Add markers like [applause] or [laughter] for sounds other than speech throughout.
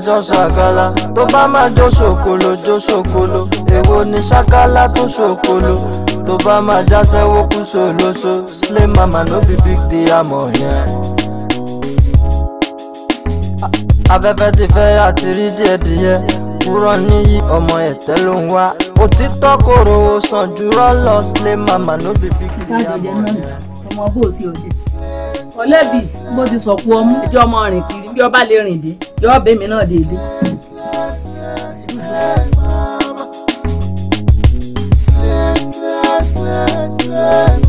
jọ ṣàkálà tó bá máa jó ṣòkòlò jó ṣòkòlò èwo ni ṣàkálà tó ṣòkòlò tó bá máa jáṣẹ́wó kú ṣòlóṣo slay mama no be big deal àmọ́ yẹn. afẹ́fẹ́ ti fẹ́ àti rí díẹ̀ díẹ̀ kúrọ̀ níyì ọmọ ẹ̀tẹ́ ló ń wá òtítọ́ kòrò ó sàn jùrọ̀ lọ slay mama no be big deal àmọ́ yẹn ọlẹ́bí bó ti sọ̀kú ọmú ẹjọ́ ọmọ rìn kiri bí ọba lè rìn dé yọ ọbẹ̀ mi náà déédéé. Yes, yes.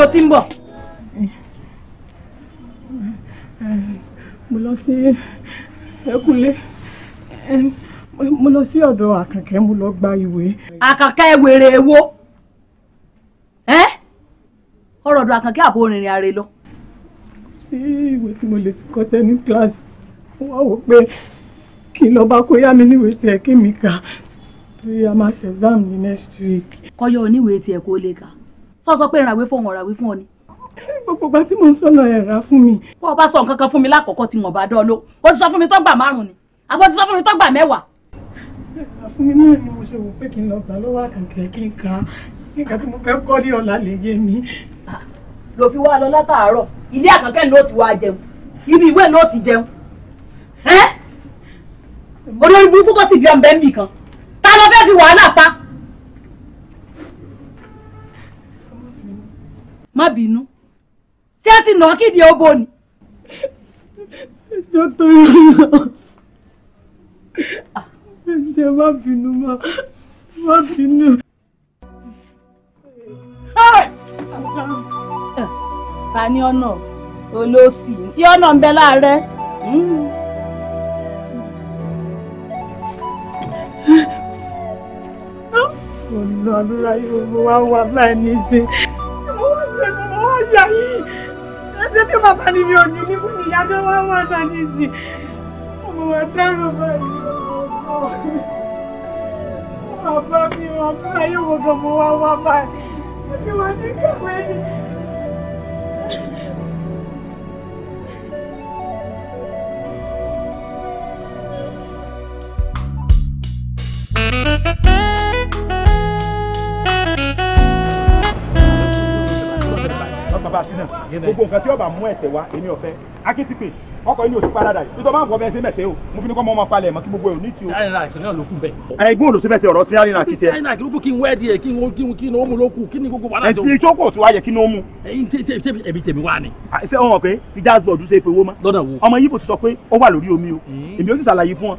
wo tí ń bọ̀. mo lọ sí ẹkúlé mo lọ sí ọ̀dọ̀ àkànkẹ́ mo lọ gba ìwé. àkànkẹ́ wèrè èwo ọ̀rọ̀ ọ̀dọ̀ àkànkẹ́ àbò rìnrìn àrè lọ. sí ìwé tí mo lè fi kọsẹ̀ ní kíláàsì wọ́n wá wò pé kí n lọ bá kó yá mi níwèé tiẹ̀ kí mi kà á torí a máa ṣe exam ní next week. kọ́yọ́ oníwèé tiẹ̀ kó lè kà á sọ sọ pé ìràwé fún òun ọ̀ràwé fún ọ ni. gbogbo ìgbà tí mò ń sọ̀nà ẹ̀ rà fún mi. bó o bá sọ nǹkan kan fún mi lákòókò tí wọ́n bá dán ló o ti sọ fún mi tó gbà márùn ni àbọ̀ ti sọ fún mi tó gbà mẹ́wàá. ẹ̀rà fún mi náà ni mo ṣe wò pé kí n lọ gbà lọ́wọ́ àkànkẹ́ kí n ka nígbà tí mo fẹ́ kọ́ ní ọ̀la lè yé mi. Ah, lò fi wá lọ látàárọ̀ ilé àkànkẹ́ ni ti wá jẹun ibi ìwé ni ti jẹun. olórí burúkú kò sì bí ọ̀nbẹ́ nìkan ta ló fẹ́ fi wàhálà pa má bínú ṣé ẹ ti nà kídìí ó bò ní. ẹjọ́ tó ń lọ ẹjẹ má bínú má má bínú. ta ni ọ̀nà olóòsì tí ọ̀nà ń bẹ láàárẹ̀. Ọ̀nà àdúrà yóò wá wà láì ní í ṣe. ní bàbá ni mi ò ní ní fún ìyá tó wá wà sáni sí ọmọ wa dárò báyìí ọmọ bàbá mi ọmọ ayé wo gan mo wá wá báyìí mi wà ní kàwé ni. bá sí náà gbogbo nǹkan tí ó bá mú ẹ̀tẹ̀ wá èmi ọ̀fẹ́ akitipe ọkọ̀ yìí ni òsì parada yìí tó bá ń fọ bẹ́ẹ̀ sí mẹ̀sẹ̀ o mo fi ní kọ́ mọ́ ọmọ palẹ̀ mọ́ kí gbogbo ẹ̀ ò ní tí o. sáyẹn náà kìnìún ló kù bẹ́ẹ̀. ẹ gbọ́n olùsí fẹsẹ̀ ọ̀rọ̀ sáyẹn náà kì í sáyẹn náà kì í kí n wẹ́ di ẹ̀ kí n kí n ó mu ló kù kí ni gbogbo wàhálà tó. ẹ ti ìjókòó tó wáyẹ kí n ó mu. ẹbí tèmi wá ni. ṣé ọmọ pé ti jazz board ṣe fowó mọ́. lọ́dọ̀ wo. ọmọ yìí bò ti sọ pé ó wà lórí omi o hmm. èmi ó sì ṣàlàyé fún wọn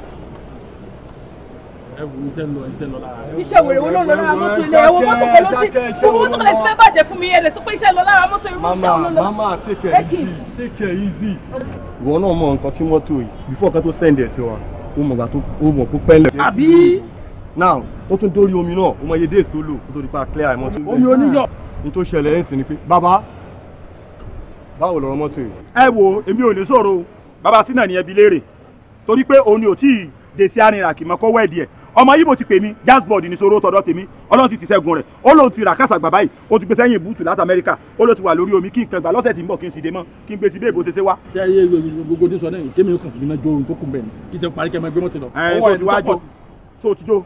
ẹ wo iṣẹ́ lọ iṣẹ́ lọ lára. iṣẹ́ wèrè wo ló ń lọ lára mọ́tò ilé ẹ̀wọ̀n mọ́tò pẹ̀lú ti owó tó lè ti fẹ́ bàjẹ́ fún mi ẹ lè sọ pé iṣẹ́ lọ lára mọ́tò irú iṣẹ́ lọ lọ. mama mama take care. easy take care, easy. ìwọ náà mọ nǹkan tí mọ́tò yìí before kan tó send ẹ̀ sí wa ó mọ̀ gbà tó ó mọ̀ kó pẹ́ńlẹ̀. àbí. now ó tún dórí omi náà ó mọ iye days tó lò kó tó di pa clear mọ́tò. omi oníyọ̀. n tó ṣẹlẹ̀ ẹ̀ ń sìn ni pé Baba, báwo lọ̀rọ̀ mọ́tò yìí. ẹ wo èmi ò ní sọ̀rọ̀ bàbá sínà ni ẹbí léèrè torí pé òun ò tí dèsí arìnrìn àkìmọ́kọ́wọ́ ẹ̀dì ẹ̀ ọmọ yìí mo ti pè mí jazzboard ní sọ̀rọ̀ tọ̀dọ̀ tèmi ọlọ́run ti ti sẹ́gun rẹ̀ ó lóun ti rà kásà gbà báyìí ó ti gbé sẹ́yìn búùtù láti amẹ́ríkà ó ló ti wà lórí omi kí n kan gbà lọ́sẹ̀ tí ń bọ̀ kí n sì dé mọ́ kí n gbé sí bí èbó ṣeṣe wá. ṣé ayé gbogbo tí sọ náà yìí kémi kùn nínú jó tó kù bẹ́ẹ̀ ni kí ṣe parí kẹ́mọ ẹgbẹ́ mọ́tò lọ. ẹ ẹ sọ ti wá jọ sọ ti jó.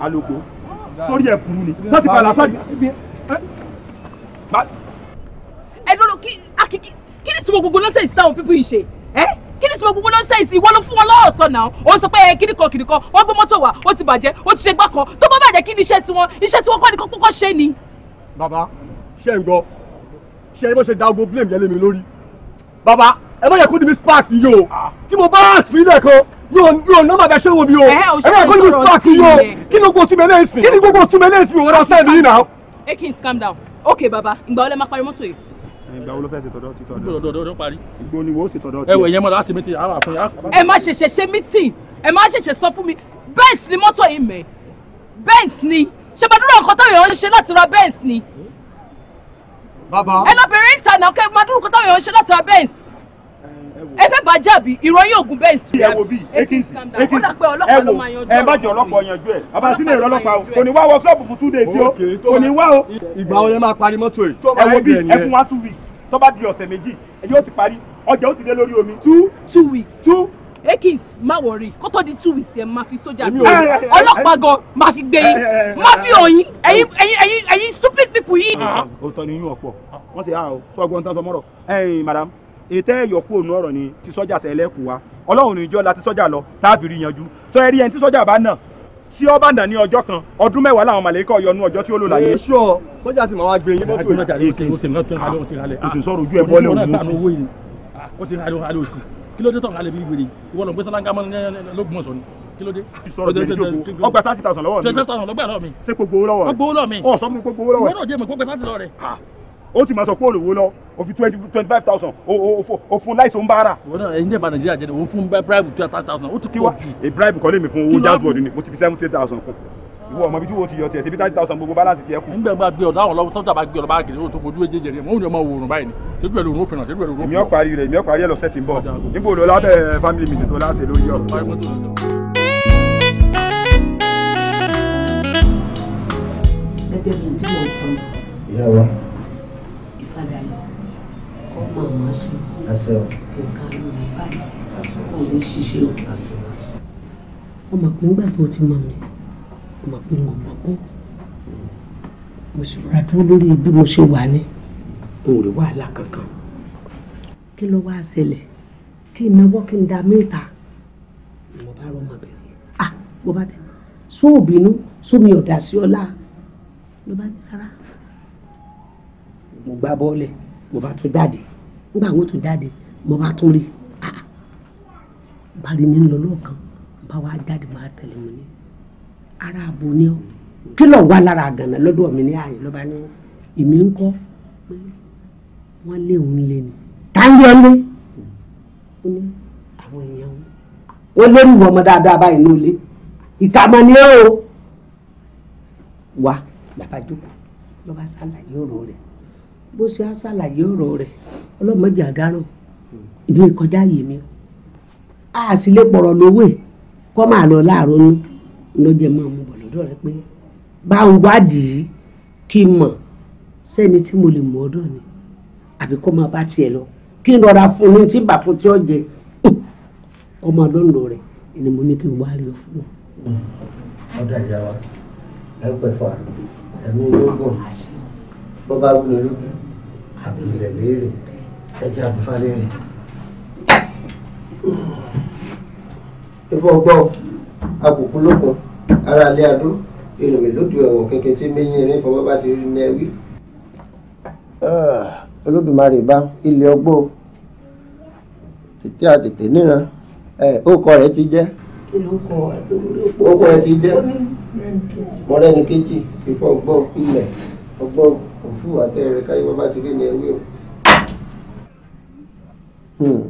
aloko sórí ẹ burú ni sọ ti padà sọ ti. ẹ lọ́rọ̀ kí ni tí mo gbogbo lọ́sẹ̀ ìsítáwọn pípín ìṣe ẹ́ kí ni tí mo gbogbo ló ń sẹ́yìn sí ìwọ ló fún wọn lọ́wọ́ sọ náà ó sọ pé kíní kan kíní kan wọ́n gbé mọ́tò wá ó ti bàjẹ́ ó ti ṣe gbá kan tó bá bàjẹ́ kí ni iṣẹ́ tiwọn iṣẹ́ tiwọn kọ́ ni kọ́kọ́ ṣe ni. bàbá ṣe ń gbọ́ ṣe é bó ṣe da ogun blame yẹn lé mi lórí bàbá ẹ bá yẹ kó ní mi spark yìí o tí mo bá fílẹ̀ kan yóò yóò nọ́mbà bẹ ṣé wo mi o ẹ bá yẹ kó ní mi spark yìí o kí ni gbogbo túnbẹ̀ lẹ́sìn kí ni gbogbo túnbẹ̀ lẹ́sìn o understand now. akins calm down okay baba ìgbà wo lẹ máa parí mọ́tò ìgbà wo ló fẹ́ ṣe tọ̀dọ̀ ti tọ̀dọ̀. ìgbò lọ́dọ̀ parí. ìgbò ni wo ṣe tọ̀dọ̀ ti. ẹwẹ yẹn mọ láti mítìn àwọn àfún ẹ má ṣẹ̀ṣẹ̀ ṣe mítìn ẹ má ṣẹ̀ṣẹ̀ sọ fún mi Benz ni mọ́tò yìí mẹ́ Benz ni ṣe bàdúrà tó yàn ń ṣe láti ra Benz ni. bàbá. ẹ lọ bèrè ìta náà kẹ́ bàdúrà nǹkan yàn ń ṣe láti ra Benz. ẹ fẹ́ bá jàbí ìròyìn ògùn Benz. ẹ wo bí ekins ekins ẹ wo ẹ bá jẹ ọlọ́pàá yanjú ẹ bàbá sílẹ̀ ìrọ̀ ọlọ́pàá o kò ní wá workshop fún two days o kò ní wá o. ìgbà wo lè máa parí mọ́tò yìí. ẹ wo bí ẹ fún wa two weeks tó bá di ọ̀sẹ̀ méjì ẹjọ́ ó ti parí ọjà ó ti dé lórí omi. two two weeks. two ekins má wọrí kó tó di two weeks yẹn máa fi sójà gbé ọlọ́pàá gan máa fi gbé yín máa fi òyìn ẹ̀yin ẹ̀yin ẹ̀yin stupid people yìí. Ah, òótọ́ ni yín ọ̀pọ̀ wọ́n sì yára ah, o sọ́gbọ́n tán sọmọ́rọ̀ ẹ̀yin madam ètè ẹ̀yọ̀kú òun ọ̀rọ̀ ni ti sọ́jà tẹ̀lé kù wa ọlọ́run níjọ́ la ti sọ́jà lọ tá a fi rí yanjú tọ́ ẹ rí ẹni tí sọ́jà bá náà tí ó bá dà ní ọjọ́ kan ọdún mẹ́wàá làwọn màlẹ́kọ̀ yọnu ọjọ́ tí ó lò láyé. ṣọ sọjà sì máa wá gbé yín mọ́tò yìí. oṣù sọ̀rọ̀ ojú ẹ bọ́lẹ̀ òun ló sì. kí ló dé tọ̀ hálẹ̀ bí wèrè ìwọ lọ gbé sálángá mọ́ lọ́gbọ̀n sọ ni kí ló dé. sọ̀rọ̀ jẹ́ ìjókòó ọgbà thirty thousand lọ́wọ́ mi. thirty thousand lọ́gbà mi. ṣé gbogbo owó lọ́wọ́ rẹ̀. owó lọ́wọ́ mi. ọ̀ sọ fún mi gbogbo owó lọ́wọ́ rẹ̀. náà jẹ́ mi gbogbo thirty lọ́wọ́ rẹ̀ ó sì máa sọ pé olówó lọ o fi twenty twenty five thousand o o o fún láìsí òun bára. wọ́n náà ẹ̀yin dẹ̀ bá nàìjíríà jẹ́ ni òun fún bribe twenty five thousand ó ti pọ̀ jù. a bribe kọ́ lé mi fún owó jazzboard ni mo ti fi seventy thousand kún ìwọ ọmọ ibi tí wo ti yọ tiẹ̀ síbi thirty thousand gbogbo balance tiẹ̀ kù. nígbà máa gbé ọ̀dà àwọn ọlọ́wọ́ sọ́jà máa gbé ọ̀dà báàgì lóòótọ́ fojú ẹ̀jẹ̀ jẹ̀rẹ̀ mọ́ òun ọmọ òòrùn báyìí ni ṣéjú ẹ̀ ló rún fìràn ṣéjú ẹ̀ ló rún fìràn. ìmí ọ̀parí rẹ̀ ìmí ọ̀parí ẹ̀ lọ́sẹ̀ tí ń bọ̀ níbo ló lábẹ́ family meeting tó láṣẹ lórí ọ̀rọ̀. gẹ́gẹ́ bí tí mo sọ. ìyá wa ọmọ ọmọ sí nǹkan ló ń ti mọ mi ọmọ pé mo gbọ́ mo sì rà dúró lórí bí mo ṣe wà ní n wàhálà kankan kí ló wá ṣẹlẹ̀ kí n kí n da mẹ́ta mo bá rọ ọmọbìnrin ah mo bá tẹ sóòbínú sómi ọ̀dà sí ọlá ló bá ní rárá mo gbá bọ́ọ̀lẹ̀ mo bá tún jáde nígbà wo tó jáde mo bá tún rí ah, ah, bari mi ń lọ lọ́ọ̀kan bá wa jáde máa tẹ̀lé mi ní ara àbò ni ọ kí lọ wá lára àgànà lọ́dọ̀ mi ní ààyè lọ́ba ní èmi ń kọ́ wọ́n lé òun lé ni táyọ̀ lé ó ní àwọn èèyàn wọn lérú ọmọ dáadáa báyìí ní olè ìkàmọ́ ni ó wà bàbá lọ́ba ṣàlàyé ọ̀rọ̀ rẹ̀ bó ṣe á ṣàlàyé ọ̀rọ̀ rẹ̀ ọlọ́mọdé àdáràn ìlú ìkọjá yìí mi a sì lè pọ̀rọ̀ lówè kọ́ máa lọ láàárọ̀ ní lọ́jọ́ máa mú bọ̀ lọ́dọ̀ rẹ pé bá ń wádìí kí n mọ̀ sẹ́ni tí mo lè mọ̀ ọ́dọ̀ ni àbí kó máa bá tiẹ̀ lọ kí n rọra fún ní tí bà fún tí ó jẹ ọmọ lọ́nà rẹ̀ ni mo ní kí n wá ọ fún ọ. ọ̀dà ìyá wa ẹ pẹ̀fà ẹ̀mí yóò gùn bọ́ àbílẹ̀ léèrè ẹjẹ́ àbúfá léèrè. ìbọn gbọ́ àbùkù lókun ara ilé adó ìlùmí lódì ẹ̀wọ̀n kẹ̀kẹ́ tí méyìn erin fọwọ́ bá ti rí ní ẹwí. Ah, olódùmarè bá ilé ọgbó tètè àtètè níran ó kọ rẹ̀ ti jẹ́ ó kọ rẹ̀ ti jẹ́ mọ̀rẹ́ni kejì ìfọ̀gbọ́ ilẹ̀ ọgbọ́n. fúwà tẹ́rẹ̀ káyé bàbá ti rí ni ẹwé o. Hmm.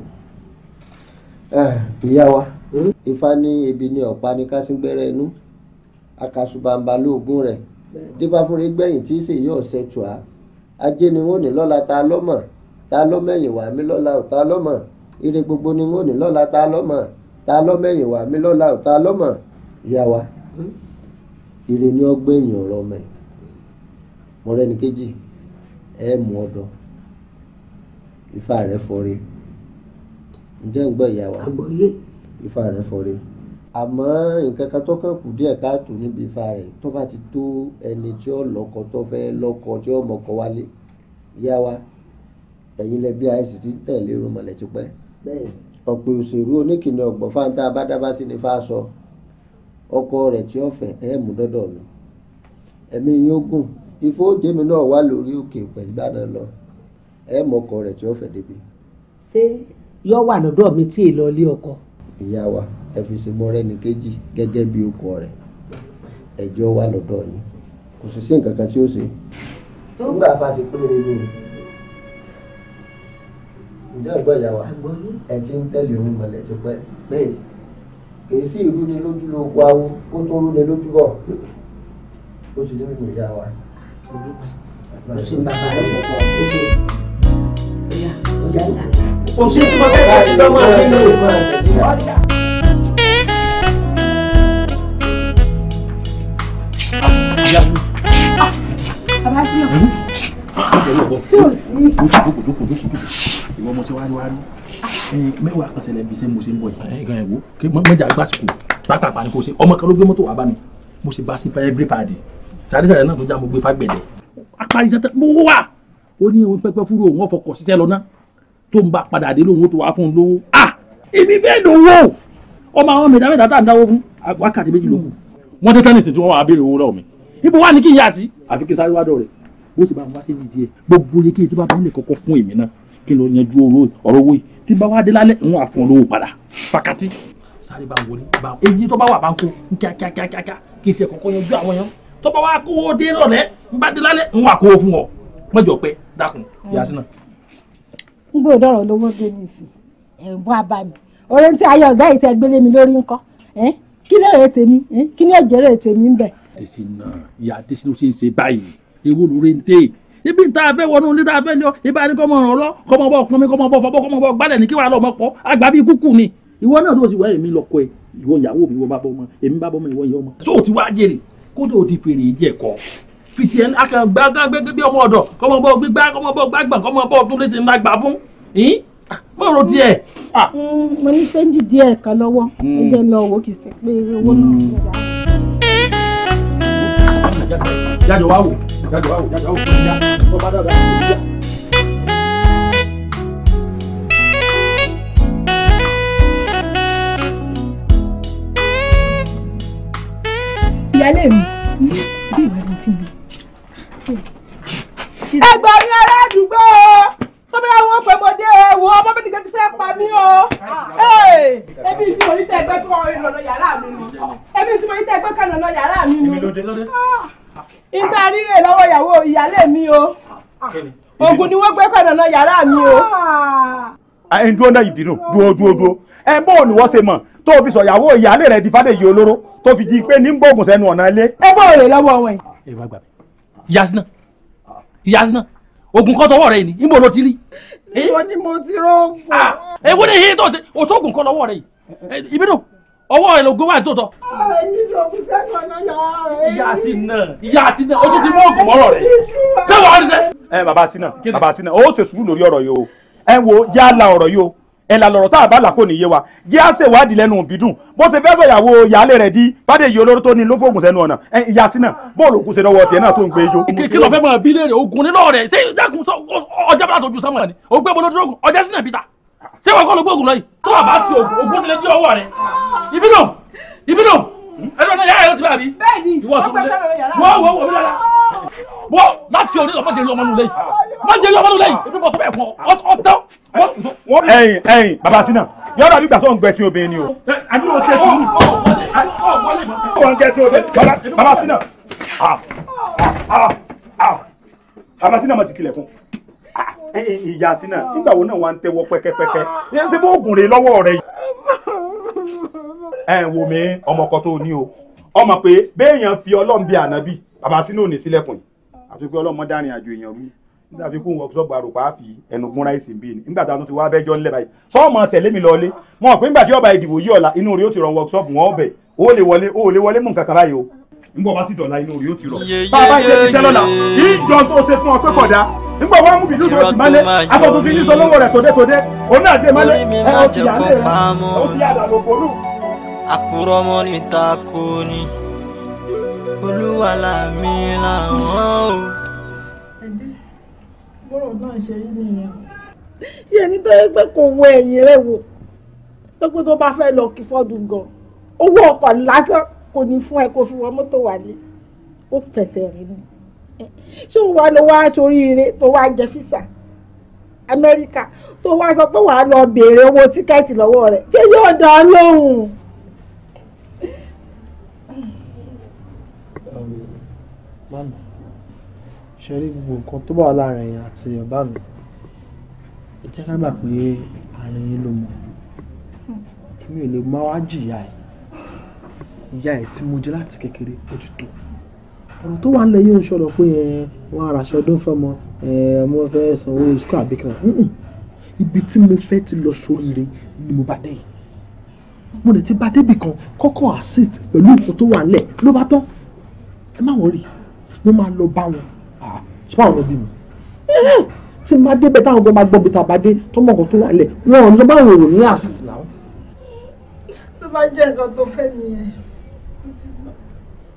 Eh, ìyá wa hmm? ifá ní ebi ní ọ̀pá ní kásíngbẹ́rẹ́ inú akasubamba lóògùn rẹ̀ dífáfúnrí gbẹ̀yìn tí ṣèyí ọ̀sẹ̀ tù á ajé ni wọ́n ní lọ́la ta lọ́mọ̀ ta lọ́mẹ̀yìn wà mí lọ́la ò ta lọ́mọ̀ ire gbogbo ni wọ́n ní lọ́la ta lọ́mọ̀ ẹ mú ọ̀dọ̀ ifá rẹ̀ fọre ǹjẹ́ ń gbọ́ ìyá wa ifá rẹ̀ fọre àmọ́ nǹkan kan tó kàn kù díẹ̀ káàtó níbi ifá rẹ̀ tó bá ti tó ẹni tí ó lọkọ tó fẹ́ tí ó mọ̀kọ wálé ìyá wa ẹ̀yin lẹ bí ti tẹ̀lé ti ifo jèmi náà wà lórí òkè pẹ̀lúgbà náà lọ ẹ mọkọ rẹ̀ tí ó fẹ́ débi. ṣé yọ wà lọ́dọ̀ mi tí èèlọ ilé ọkọ. ìyá wa ẹ fi ṣe mọ́rẹ́ ní kejì gẹ́gẹ́ bí ọkọ rẹ̀ ẹjọ́ wà lọ́dọ̀ yìí kò sì sí nǹkan kan tí ó ṣe. nígbà bá ti péré ni ǹjẹ́ ẹ̀gbọ́n ìyá wa ẹ ti ń tẹ̀lé ohun mọ̀lẹ́ ti pẹ́ bẹ́ẹ̀ kìí sí ìrúni lójú lóko awo ó tó rúni lójú bọ̀ ó ti lórí ìyá wa kò dúpẹ́ kò sí bàbá rẹ̀ pọ̀pọ̀ kò sí ọ̀yà ọ̀yà náà. kò sí tí mo fẹ́ kí ọmọ rẹ̀ ní ọ̀yà. Bàbá sí ọ̀hún. Ṣé o sí? Jókòó jókòó jókòó jókòó. Ìwọ ọmọ tí wàá rí wàá rí mẹ́wàá kan ṣẹlẹ̀ bíi ṣe mo ṣe ń bọ̀ yìí. ẹ̀gàn ẹ̀wò mọ̀jà gbàsìkò pátápá ni kò ṣe ọmọ kan ló gbé mọ́tò wá bá mi mo ṣe bá sí pẹ́ẹ́bí pàdé sàrísàrí náà tó já mo gbé fágbẹ̀dẹ̀ apárí sẹ́tẹ̀ mo wà ó ní òun pẹ́pẹ́ fúru òun ọ̀fọ̀kọ̀ ṣiṣẹ́ lọ náà tó ń bá padà dé lóhun tó wá fún un lówó à èmi fẹ́ lówó ọmọ àwọn mẹ́ta mẹ́ta tá à ń dáwó fún wákàtí méjì lókù wọ́n tẹ́tẹ́ nìsín tí wọ́n wá béèrè owó lọ́wọ́ mi ibo wà ní kí n yà sí àfi kí n sáré wá dọ̀ rẹ̀ bó ti bá ń wá sí ìdí ẹ̀ gbogbo iye kéyìí tó bá bọ́ọ̀lẹ̀ kọ́kọ́ fún èmi náà kí n lọ yanjú ọ̀rọ̀ owó yìí tí bá wá dé lálẹ́ ń wà fún ọ padà fàkàtì sáré bá wọlé bá èyí tó bá wà bá ń kó kíákíákíákíá kí n tẹ kọ́kọ́ yanjú àwọn yẹn tó bá wá kówó dé rọ̀lẹ́ ń bá dé lálẹ́ ń wà kówó fún ọ mọ́jọ pé dákun mm. Yasina. n gbọ́dọ̀ dọ̀rọ̀ lówó dé ní ìsìn ẹ̀bùn abami orin tí ayé ọ̀gá yìí tẹ́ gbélé mi lórí ńkọ́ kí lè rè tèmi kí ní òjèrè tèmi ń bẹ̀. Adesina ìyá Adesina ó ṣe ń ṣe báyìí ewu lóore ń tè ibi tá a fẹ́ wọnú ilé tá a fẹ́ lọ ibà ni kọ́mọ ràn lọ kọ́mọ bọ́ ọkùnrin kọ́mọ bọ́ fọ́bọ́ kọ́mọ bọ́ gbálẹ̀ ní kí wàá lọ ọmọ pọ̀ àgbà bíi kúkú ni ìwọ náà ló sì wá èmi lọ kọ ẹ ìwọ ìyàwó mi ìwọ bàbá ọmọ èmi bàbá ọmọ ìwọ ìyá ọmọ. tó o ti wá jèrè kódà ó ti fèrè jẹ kọ fìtì ẹni akàgbàgbàgbà bí ọmọ ọ̀dọ̀ kọmọ bọ gbígbà kọmọ bọ gbàgbà kọmọ bọ tó lè ṣe ń gbà fún yín mọ ro tiẹ. Mm, mo ní sẹ́ńjì díẹ̀ kan lọ́wọ́ mm. ẹgbẹ́ lọ wò kì í ṣe pé owó náà. jáde wá wò jáde wá wò jáde wá wò. ìyálé mi bí ìwà ni ti bí. ẹgbẹ́ mi ará àdúgbò tó bá wọn pè mo dé ẹ wò ọmọ mi nìkan ti fẹ́ pa mí o. ẹbí tí mo ní tẹ ẹgbẹ́ kọ́ ìrọ̀lọ́ yàrá mi ni ẹbí tí mo ní tẹ ẹgbẹ́ kọ́ ìrọ̀lọ́ yàrá mi ni. ìta rírè lọ́wọ́ ìyàwó ìyálé mi o oògùn ni wọ́n gbé kọ́ ìrọ̀lọ́ yàrá mi o. ẹ ń dúró náà yìí dínú dúró dúró dúró ẹ bọ́ọ̀ ni wọ́n ṣe mọ̀ tó fi sọ̀yàwó ìyáálé rẹ̀ di fádèyí olóró tó fi di pé ní gbóògùn sẹ́nu ọ̀nà ilé. ẹ bọ́ ọ̀rẹ́ lọ́wọ́ wọn. ẹ wá gbà mí yasina yasina oògùn kan tọwọ́ rẹ ni níbo ló ti rí. níbo ni mo ti rọ́ọ̀gùn. ẹ wo ni yìí tó ṣe oṣoògùn kan lọ́wọ́ rẹ yìí ibi dùn ọwọ́ ah, rẹ̀ lògùn wà tó tọ. ìyá Sina ìyá o tún ti mú oògùn mọ́rọ̀ rẹ̀ ṣé wàá rí sẹ́. ẹ eh, bàbá Sina bàbá Sina o ṣe sùúrù lórí ọ̀rọ̀ yìí o ẹ wo jẹ́ àlà ọ̀rọ̀ yìí o ẹ̀là lọ̀rọ̀ tá a bá là kò ní yé wa jẹ́ à ṣe ìwádìí lẹ́nu òbídùn bó ṣe fẹ́ sọ̀yàwó ìyáálé rẹ̀ di fàdé yìí olóró tó ní ló fògùn sẹ́nu ọ̀nà ìyá sí náà bóòlù òkú ṣe lọ́wọ́ tiẹ̀ náà tó ń gbé ijó. kí ló fẹ́ mọ bí léèrè ogun nínú rẹ̀ ṣé dákun sọ ọjà bá tọ́jú sọ́mọ ni ó gbé bọ́lá tó ogun ọjà sínú ìbíta ṣé wọn kọ́ ló gbóògùn lọ yìí tó a bá ti ogun sílẹ̀ jẹ́ ọwọ́ rẹ̀ ìbínú ìbínú ẹ̀rọ náà yára ẹ̀rọ ti bá a bí. bẹ́ẹ̀ ni wọ́n pẹ́ sọ́dọ̀ yàrá wọ́ láti orí ọmọdé ló ọmọ nù lẹ́yìn ọmọdé ló ọmọ nù lẹ́yìn ebi bọ́ sọ́bẹ̀ fún ọ ọtọ́. ẹyin ẹyin baba sina yóò dàbí ìgbà tó ń gbẹ̀sìn obìnrin ni o. àbí o ṣe sùúrù o ń gbẹ̀sìn obìnrin baba sina baba sina mo ti tilẹ̀kùn ìyá sínà nígbà wo náà wà ń tẹwọ pẹkẹpẹkẹ yẹn ṣe bóògùn rè lọ́wọ́ rẹ. ẹ wò mí ọmọkọ tó ní o ọmọ pé béèyàn fi ọlọ́run bíi ànábì bàbá sínú ò ní sílẹ̀kùn yìí àti pé ọlọ́mọ dárin àjò èèyàn rú nígbà fi workshop àròpá àfi ẹnu gúnra ìsìn bíi nígbà tá a tún ti wá abẹ́jọ́ ńlẹ̀ báyìí sọ́ọ̀mọ̀ tẹ̀lé mi lọ́ọ́lé mọ̀ pé nígbà tí ọba ìdìbò yí ọ̀la inú rẹ̀ ó ti rọ workshop wọn ọbẹ̀ ó lè wọlé ó lè wọlé mú nǹkan kan báyìí nígbà wá sí dọ̀la inú rẹ̀ ó ti rọ. bàbá ìṣe ti sẹ́lọ̀nà kì í jọ tó ṣe fún ọ pé kọ̀dá nígbà wọn mú bìdú tó ti málé aṣọ fi ní sọlọ́wọ́ rẹ̀ tòdétòdé òun náà dé málé ẹ olúwalà mi làwọn o. bọ́rọ̀ náà ṣe rí nìyẹn. ṣé tó yẹ pé kò wo ẹ̀yìn rẹ̀ wò pé tó bá fẹ́ lọ kí fọ́dún gan owó ọkọ̀ lásán kò ní fún ẹ kó fi wọ mọ́tò wálé ó fẹsẹ̀ rìn ni ṣé òun wá ló wá torí tó wá jẹ físà amẹ́ríkà tó wá sọ pé wàá lọ béèrè owó tíkẹ́ẹ̀tì lọ́wọ́ rẹ̀ ṣé yóò dán lóhùn. má nà ṣe rí gbogbo nǹkan tó bá wà láàrin yẹn àti ọba mi ẹ jẹ́ ká gbà pé àárín yín ló mọ̀ èmi ò lè má wá jìyà ẹ̀ ìyá ẹ̀ tí mo jẹ́ láti kékeré ó ti tó ọ̀rọ̀ tó wà ń lẹ̀ yóò ń sọ̀rọ̀ pé wọ́n ara aṣọ ọdún fọmọ ọmọ fẹ́ sanwó ìṣúkọ̀ àbíkan ibi tí mo fẹ́ ti lọ sóríire ni mo bá dé mo lè ti bá débì kan kọ́kọ́ assist pẹ̀lú nǹkan tó wà ń lẹ̀ ló bá tán ẹ má wọrí mo máa lọ bá wọn ṣé báwọn lọ bí mi tí máa débẹ̀ táwọn ọgbọ́n máa gbọ́ bí tàbádé tó mọ̀ nǹkan tó wà lẹ̀ wọn ò ní sọ báwọn èrò ní àsìtì náà. tó bá jẹ́ nǹkan tó fẹ́ nìyẹn.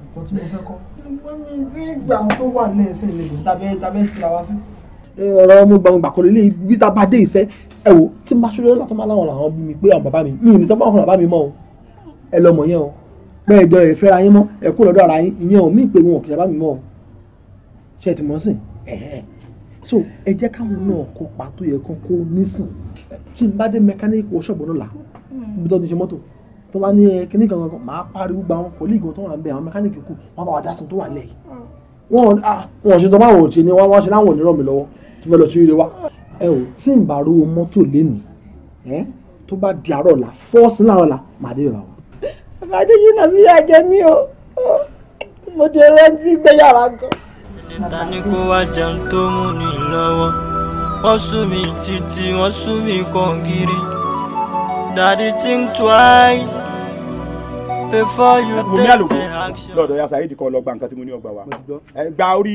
nǹkan tí mo fẹ́ kọ́. mi ti gbà tó wà ní ẹsẹ̀ ìlẹ̀ tàbẹ́ tàbẹ́ tìlà wá sí. ọ̀rọ̀ ọmọ ìgbà ìgbà kọ́lé bí tàbádé iṣẹ́ ẹ wò tí máa ṣe lọ́la máa láwọn làwọn bí mi pé àwọn bàbá mi mi ò ní tọ́ bá bàbá mi mọ́ o ẹ lọ́mọ yẹn o pẹ́ẹ́dọ̀ ẹ̀fẹ́ra yín mọ́ ẹ̀kú lọ́dọ̀ ara yín ìyẹn ò mí pé wọn kì í sábà mi mọ́ o ṣe ti mọ̀ sí so ẹ jẹ́ káwọn náà kópa tó yẹ kán kó nísìn tí n bá dé mẹkáníìkì wọ́ṣọ̀bù lọ́la níbi hmm. tó ti ṣe mọ́tò tó bá ní kíní kankan kan máa pariwo gba wọn kòlíì gan tó wà ń bẹ àwọn mẹkáníìkì kù wọn bá wà dá sun tó wà lẹ́yìn hmm. wọn wọn ṣe tó bá wọn ò ṣe ni wọn ṣe láwọn ò ní ràn tó fẹ́ lọ sí ilé wa ẹ ò tí n bá rówó mọ́tò lénìí ẹ tó bá di àárọ̀ la fọ́ọ̀sì láàárọ̀ la màá dé ìràwọ̀. bàbá adéyìn náà mi yà jẹ mí o mo ti rántí gbé yàrá gan ta ni kó wá jẹun tó mú lọ́wọ́ wọ́n sún mi títí wọ́n sún mi kọ̀ǹgírí. Daddy think twice before you take the action. lọ́dọ̀ ya Saheed kọ́ lọ gba nǹkan tí mo ní ọgbà wa gba orí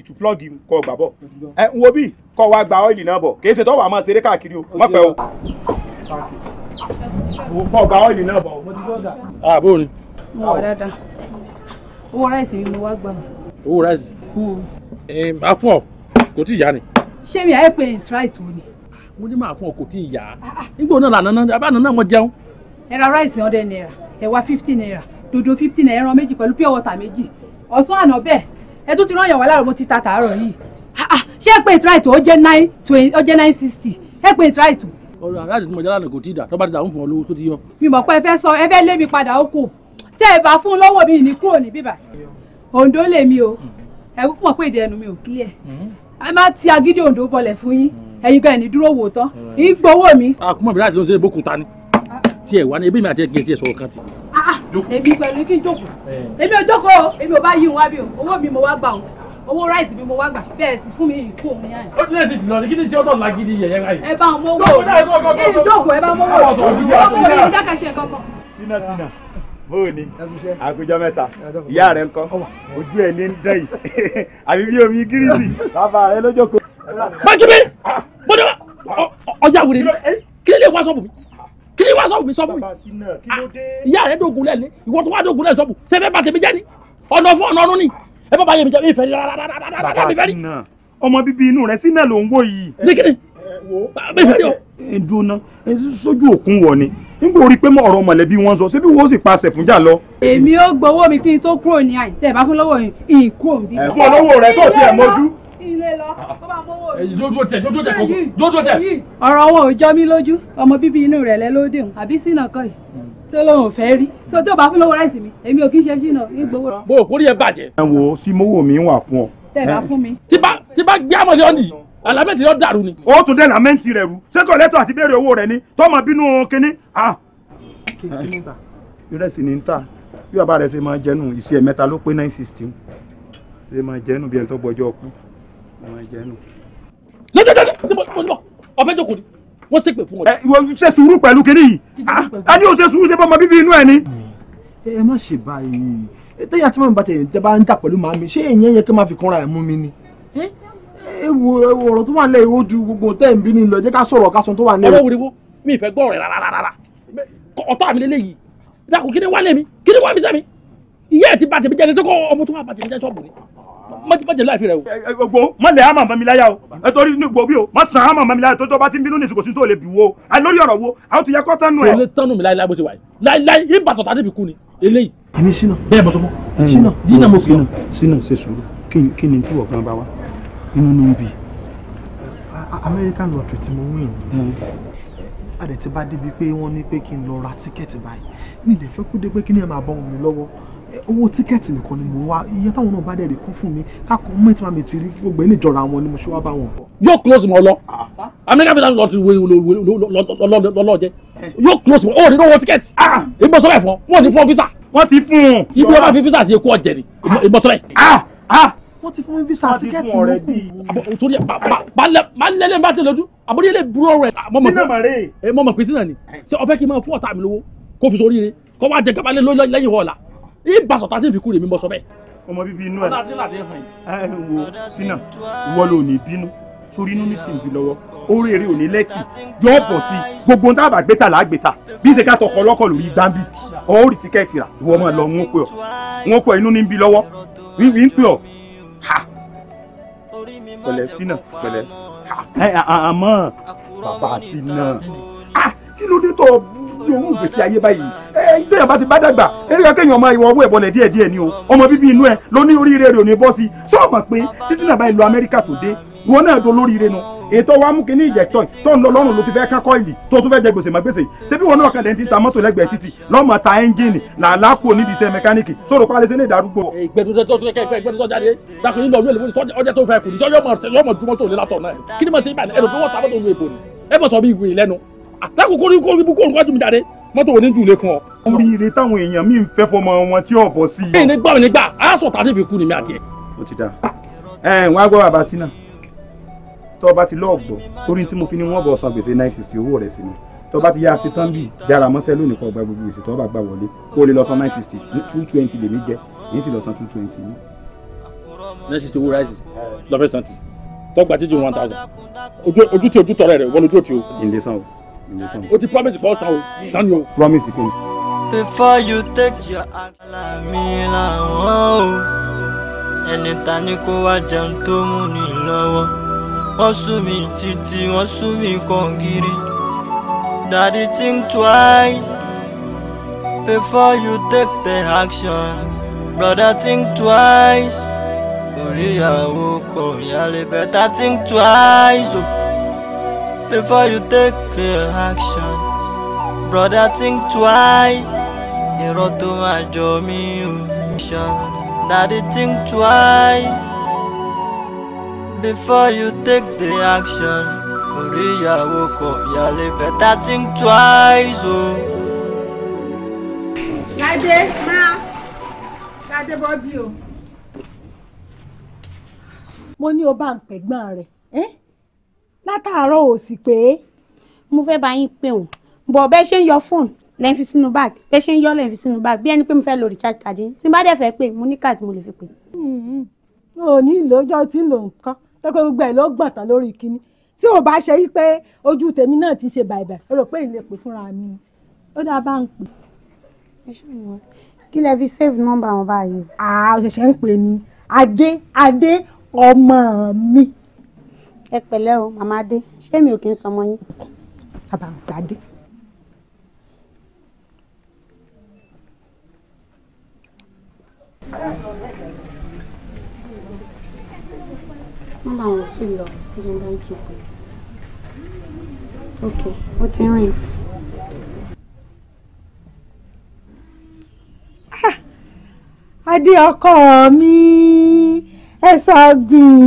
ìtú plọ́ọ̀gì kọ́ gbà bọ̀ ẹ wo bí kọ́ wa gba ọ́ìlì náà bọ̀ kì í ṣe tọ́wọ́ àmọ́ ṣeré káàkiri o mọ̀ pẹ́ o kọ́ gba ọ́ìlì náà bọ̀ o. àbúrò ah, ni. owó ráìsì mi mo wá gbà. owó ráìsì máa fún ọ kò tí ì yá ni. ṣé mi àyè pé ìtura ìtò ni. mo ní máa fún ọ kò tí ì yá nígbà náà lànà náà abáàná náà wọ́n jẹun. ẹ̀rọ ráìsì ọ̀dẹ náírà ẹ̀wà fifteen náírà dòdò fifteen náírà ẹran méjì pẹ̀lú pure water méjì ọ̀sán àná bẹ́ẹ̀ ẹ tún ti rán ìyàwó aláàrọ̀ mo ti ta tàárọ̀ yìí ah, ah, ṣé ẹ pé ìtura ìtò ó jẹ́ nine twenty ó jẹ́ nine sixty ẹ pé ìtura ìtò. ọ̀rọ̀ aláàjì tí mo jẹ́ lánàá kò tí ì dà tó bá ti dà ń fún ọ lówó tó ti yọ. mi mọ̀ pé ẹ fẹ́ sọ ẹ fẹ́ lé mi padà ó kù tẹ́ ẹ bá fún lọ́wọ́ mi ní kúrò ní bíbà Oǹdó lèmi o ẹ kúkú mọ̀ pé èdè ẹnu mi ò kílẹ̀ ẹ má ti agídí òǹdó bọlẹ̀ fún yín hmm. ẹ̀yin gan ẹni dúró wò tán hmm. yín gbowó mi. àkúmọ̀ ah, mi láti ló ń ṣe ìbókúta ni ah. tiẹ̀ wá ní ebi mi àti ẹ̀gbìn tiẹ̀ sọ̀rọ̀ kan ti. Ah, èmi pẹ̀lú kí n jókòó hmm. èmi ò jókòó èmi ò bá yí wá bí o owó mi mo wá gbà o owó ráìsì mi mo wá gbà bẹ́ẹ̀ sì fún mi ìkó òun yá. ó ti lè ti lọ ní kí ni ṣé ọdọ lagidi yẹyẹ ra yìí. ẹ bá wọn mọ owó ìjókòó ẹ bá wọn bóò ni àkójọ mẹ́ta ìyá rẹ ńkọ́ ojú ẹ ní ń dán yìí [laughs] àbí bí omi gírísì bàbá rẹ lójókòó. mákindé ah. bọ́dọ̀ ah. ọjà wèrè ni kí lè eh? wá sọ́ọ̀bù mi kí lè wá sọ́ọ̀bù mi sọ́ọ̀bù mi ah. ìyá rẹ dógun lẹ́ni ìwọ tó wá dógun lẹ́ni sọ́ọ̀bù sẹ́fẹ́ bàtẹ́ mi jẹ́ ni ọ̀nà fún ọ̀nà ọ̀run ni ẹ bá bá yẹ mi jẹ́ mi fẹ́ rí rárá mi fẹ́ rí. ọmọ bíbí inú rẹ sínú ẹ ló ń wò yìí. ní kíni eh, eh, mi fẹ́ rí o. ẹ dúró ná sójú òkun wọ ni nígbà orí pé ọ̀rọ̀ mọ̀lẹ́bí wọn sọ síbí wo sì paṣẹ fún jà lọ. èmi ó gbowó mi kí n tó kúrò ní àyè tẹ́ ẹ bá fún lọ́wọ́ yìí kúrò níbí. ẹ fún olówó rẹ tó tiẹ̀ mọ́jú. ilé lọ tó bá mọ́wọ́ mi. dódó tẹ dódó tẹ kókó dódó tẹ. ọ̀rọ̀ wọn ò jọ mí lójú ọmọ bíbí inú rẹ̀ lẹ lóde òun àbí sínà kọ́ yìí tó lóun ò fẹ́ rí so tó bá fún lọ́wọ́ ráìsì mi èmi ò kí ń ṣe sínà ní gbowó. bó o kórìí ẹ bàjẹ́. ẹ wo símówó mi wà fún ọ. tẹ alámẹ́tì yóò dàrú ni. ó tún dé làmẹ́ǹtì rẹ̀ rú sẹ́kọ̀ lẹ́tọ̀ àti béèrè owó rẹ̀ ni tọ́mọ bínú kínní. Ah. ìrẹsì ni ń tà bí bàbá rẹ̀ ṣe máa jẹ́nu ìṣe mẹ́ta ló pé nine sixteen ṣe máa jẹ́nu bí ẹni tó gbọ́jọ́ kú ṣe máa jẹ́nu. lọ́jọ́jọ́jọ́ ọ̀fẹ́ jókòó ni wọ́n ṣépè fún ọ. ẹ ṣe sùúrù pẹ̀lú kínní yìí ah, ẹni ò ṣe sùúrù ṣe bọ́mọ bíbí inú ẹ ni. ẹ má ṣe báyìí tẹ́yà tí màmí bá tẹ̀ bá ń dà pẹ̀lú màmí ṣé èèyàn yẹ kí n máa fi kúnra ẹ̀ mú mi ni ewu ọ̀rọ̀ tó wà lẹ́yìn ojú gbogbo tẹ́ ń bínú lọ jẹ́ ká sọ̀rọ̀ ká sọ tó wà lẹ́yìn. ọlọ́wọ́ mi ìfẹ́ gbọ́ ọ̀rẹ́ rárá rárá ọ̀tọ́ mi lélẹ́yìí ìdàkùn kí ni wà lẹ́mi kí ni wà mí sẹ́mi ìyá ẹ̀ ti bàtẹ̀ mi jẹ́ ní sẹ́kọ̀ ọmọ tó wà bàtẹ̀ mi jẹ́ sọ́ọ̀bù ni mọ̀jẹ̀ láìfi rẹ̀ o. gbogbo mọ̀lẹ̀ àmọ̀ mọ̀mi láyà o nítorí gbogbo o mọ̀ sàn àmọ̀ mọ̀mi láyà tó tó bá ti ń bínú nìsín kò sí tó lè bì wo a lórí ọ̀rọ̀ wo a ti yẹ kọ́ tánu ẹ̀. olè tánu mi láyé láyé bó ṣe wà yìí láyé láyé yín bàtọ̀ tàbí fi kú ni eléyìí. èmi sinà bẹ́ẹ̀ bọ́ sọ́kọ́ sinà dínà mo sinà. sinà ṣe sùúrù kí ni tí wọ́n kan bá wa inú ló ń bi American lottery tí mo win àdẹ̀ hmm. ti bá débi pé wọ́n ní pé kí n lọ ra tíkẹ́ẹ̀tì báyìí mi ìdẹ̀ fẹ́ kú dé pé kí ni ẹ máa bọ́ mi lọ́wọ́ owó tíkẹ́ẹ̀tì nìkan ni mò ń wá iye táwọn náà bá dẹ̀ rí kún fún mi káàkó mú ìtura mi ti rí gbogbo ẹ̀ lè jọra wọn ni mo ṣe wá bá wọn. yóò close mọ lọ ah, ah. American Lottery lọ ti lọlọjẹ eh. yóò close mọ ó ní owó tíkẹ́ẹ̀tì ah! ìgbọ́sọ̀rọ̀ ẹ̀fọ́ wọn ò ní fún ọ físà. wọ́n ti fún un. ibi wọn bá fi físà sí ekú ọ̀jẹ̀ ni ìgbọ́sọ̀rọ̀ ẹ̀ wọ́n ti fún mi visa tíkẹ́ẹ̀tì mi. torí balẹ̀lẹ̀ bá ti lọ́jú àbúrò ilé burú ọ̀rọ̀ ẹ̀. sinama rẹ̀. ẹ ah, eh, mọ̀ pé sinna ni ṣé o fẹ́ kí n máa fún ọ̀tá mi lówó kó fi sórí rẹ̀ kó wá jẹ gábalẹ̀ lẹ́yìn ọ̀la ìbásọ̀ tá a ti fi kú rè mi mọ̀ sọ bẹ́ẹ̀. ọmọ bíbí inú ẹ ẹ wo sinna ìwọ ló ní bínú sórí inú mi sì ń bí lọ́wọ́ orí eré òní lẹ́tì yóò pọ̀ sí gbogbo ohun tá a bá gbé ta là á gbé ta bí ṣe ká tọkọ lọ́kọ̀ lórí gbáǹbì ọ̀ọ́rì tíkẹ́ẹ̀tì rà ìwọ máa lọ wọn pè ọ́ wọn pè ọ́ inú ní ń bí lọ́wọ́ wí ń pè ọ́ pẹ̀lẹ́ sínà pẹ̀lẹ́ àmọ́ bàbá sínà kí ló dé tó lóhùn ìgbésí ayé báyìí ẹ̀yìn tẹ̀yàn bá ti bá dàgbà eré kéèyàn máa ìwọ owó ẹ̀bọlẹ̀ díẹ̀díẹ̀ ni o ọmọ bíbí inú ẹ̀ ló ní oríire rẹ̀ ò ní bọ́ sí sọ́ọ̀mọ̀ pé sísínà báyìí lọ Amẹ́ríkà tó dé ìwọ náà do lórí ire nu ètò wa mú kíní ìjẹ̀tọ̀ tó ń lọ lọ́rùn ló ti fẹ́ kákọ́ ìlì tó tún fẹ́ jẹ gbèsè mọ́ gbèsè ṣé bí wọn náà kàn lẹ́ni tí ta mọ́tò lẹ́gbẹ̀ẹ́ títì lọ́mọ ta ẹ́ńjìnì làálàá kò níbi iṣẹ́ mẹkáníìkì sọ̀rọ̀ pa alẹ́sẹ̀ ní ìdádúgbò. ìgbẹ́dúdẹ tó tún kẹ́kẹ́ ìgbẹ́dúdẹ jáde dákun yín lọ lóye lóye ọjọ́ tó fẹ́ kù ní yọmọ dúmọ́ tó lé látọ̀ náà kí ni mo ṣe ibà ẹ̀rọ pé wọ́n ta mọ́tò lu èbò ni ẹ bọ̀ sọ bí ìwé lẹ́nu lákòókò ní kó ibùkún olùkọ́ jùmí jáde mọ́tò òní jù lé fún ọ. oríire táwọn èèyàn mi ń fẹ́ fọmọ wọn tí ọ̀bọ̀ sí i. mi ní gbà mi ní gbà á sọ tàbí fi kú ni mi àti ẹ. ó ti dáa ẹ ẹ wọn á gbọ́ bàbá sí náà tó bá ti lọ́ọ̀gbọ̀ torí tí mo fi ní wọ́n bọ̀ san gbèsè náà ìsìsì owó rẹ̀ sí ni tó bá ti yá sí tán bíi jára mọ́sẹ́ lónìí kan gba gbogbo gbèsè bá gbà wọlé kó o lè lọ san nine sixty two twenty lèmi jẹ èyí sì lọ san two twenty yìí. nine sixty owó ráìsì lọ́fẹ̀ẹ́ santi tọ́gbà jíjìn one thousand ojú tí ojú tọrẹ rẹ wọlé ojú òtí o. ìlé take your alami làwọn o ẹni ta ni kó wá jẹun tó mú ni lọ́wọ́ wọ́n sún mi títí wọ́n sún mi kọ̀ǹgìrì. Daddy think twice before you take the action. Brother think twice. Orí ìyàwó kò yálé better think twice. Before you take the action. Brother think twice. Irọ́ tó máa jọ mí o. Daddy think twice before you take the action orí ìyàwó kọ ìyàlẹ better think twice o. Oh. Láìdé máa Láìdé bọ́bí o. mo ní o bá ń pẹ̀gbọ́n rẹ̀ látàárọ̀ ò sì pé mo fẹ́ bá yín pè wọ́n bọ̀ bẹ́ẹ̀ ṣe ń yọ fóònù lẹ́yìn fi sínú báàgì bẹ́ẹ̀ ṣe ń yọ lẹ́yìn fi sínú báàgì bí ẹni pé mo fẹ́ lo recharge card yín tí n bá dẹ̀ fẹ́ pé mo ní káàdì mo lè fi pè. o hmm, hmm. ní ìlójọ́ tí lò ń kọ́ tọ́kọ gbogbo ẹ̀ ló gbọ̀n tán lórí kínní tí ò bá ṣe yí pé ojú tèmi náà ti ṣe bàìbàì ó rò pé ìlè pè fúnra mi ni ó dáa bá ń pè. kí lẹ fi save number wọn báyìí. àá ṣẹ̀ṣẹ̀ ń pè ní adé adé ọmọ mi. ẹ pẹ̀lẹ́ o màmá adé ṣé mi ò kí ń sọmọ yín. àbàgbàdé. Thank you. nọ́mbà wọn ò tí lọ ní báńkì pé ok ó ti rìn. adé ọkọ mi ẹ̀sà ọ̀gbìn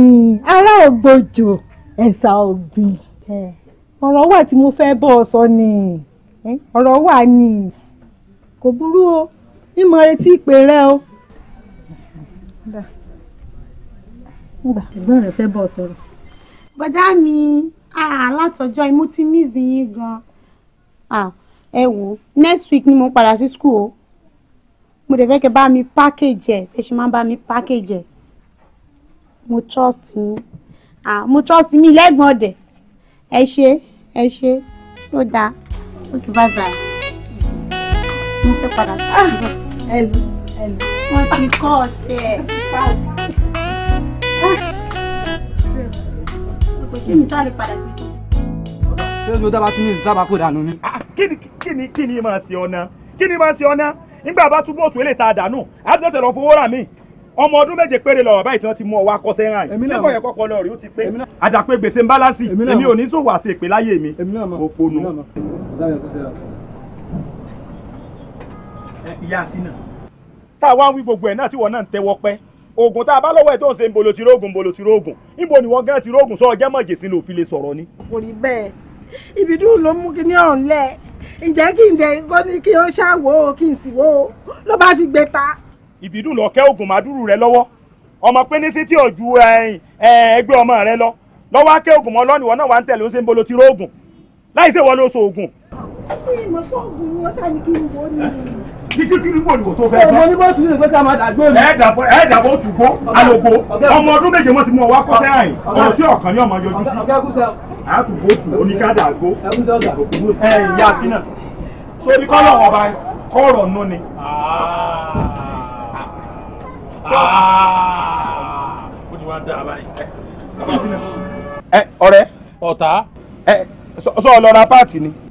ará ògbójò ẹ̀sà ọ̀gbìn ọ̀rọ̀ wà tí mo fẹ́ bọ́ ọ sọ ni ọ̀rọ̀ wà ni kò burú o ìmọ̀ retí ìpè rẹ o. Yeah wà ẹ̀gbọ́n rẹ̀ fẹ́ bọ̀ sọ̀rọ̀. bọ̀dá mi látọjọ́ imú ti mísì yín gan-an ẹ wò next week ni mo padà sí school o mo dẹ̀ fẹ́ kẹ́ bá mi package ẹ̀ bẹ́ẹ̀ ṣe máa ń bá mi package ẹ̀ mo trust yín mo trust mi lẹ́gbọ̀n ọ̀dẹ̀ ẹ ṣe ẹ ṣe ó dáa ó kì bá bàa mo fẹ́ padà sí school. ẹ lù ẹ lù wọ́n ti kọ́ ọ̀sẹ̀ ẹ̀ ṣé mi sáré padà sí. ṣé ojú dábàá tún ní ìsábà kó dànù ah, ni. kí ni kí ni máa ṣe ọ̀nà kí ni máa ṣe ọ̀nà nígbà bá túbọ̀ tún eléyìí tá a dànù á ti tẹ̀lé fún wúrà mi ọmọ ọdún méje péré lọ báyìí tí wọ́n ti mú ọ wá kọsẹ̀ hàn yìí sẹ́kọ̀ọ́ yẹn kọ́kọ́ lọ rí ó ti pé àdàpé gbèsè ń bálásì èmi ò ní sùn wá sí èpè láyé mi òponu. ìyá sínú. tá a wá ń wí gbogbo ẹ̀ náà tí wọ́n náà ń tẹ́wọ́ pẹ́ ogun tá a bá lọ́wọ́ ẹ̀ tó ń ṣe ń bolo tirogun rógùn bolo níbo ni wọ́n gán ti sọ ọjẹ́ ló fi lè sọ̀rọ̀ ni. kò rí bẹ́ẹ̀ ló mú kí ọ̀hún lẹ̀ ǹjẹ́ kí ǹjẹ́ kó ní kí ó ṣàwò kí n sì wò ó bá fi gbé ta. ibidun lọ kẹ́ oògùn màdúrú rẹ lọ́wọ́ ọmọ pé tí ju ẹgbẹ́ ọmọ rẹ lọ lọ́wọ́ ogun náà wà ń tẹ̀lé ó ṣe ń so wọn ṣàní kí kíkí kiri wo ni kò tó fẹ́ gbọ́. ọmọ ní bọ́sù ní ìgbésẹ̀ máa dàgbé mi. ẹ̀ẹ́dàbọ̀ ẹ̀ẹ́dàbọ̀ òtúgbó alògbó ọmọ ọdún méje wọn ti mú ọ wá sọ ah. ọ lọ ni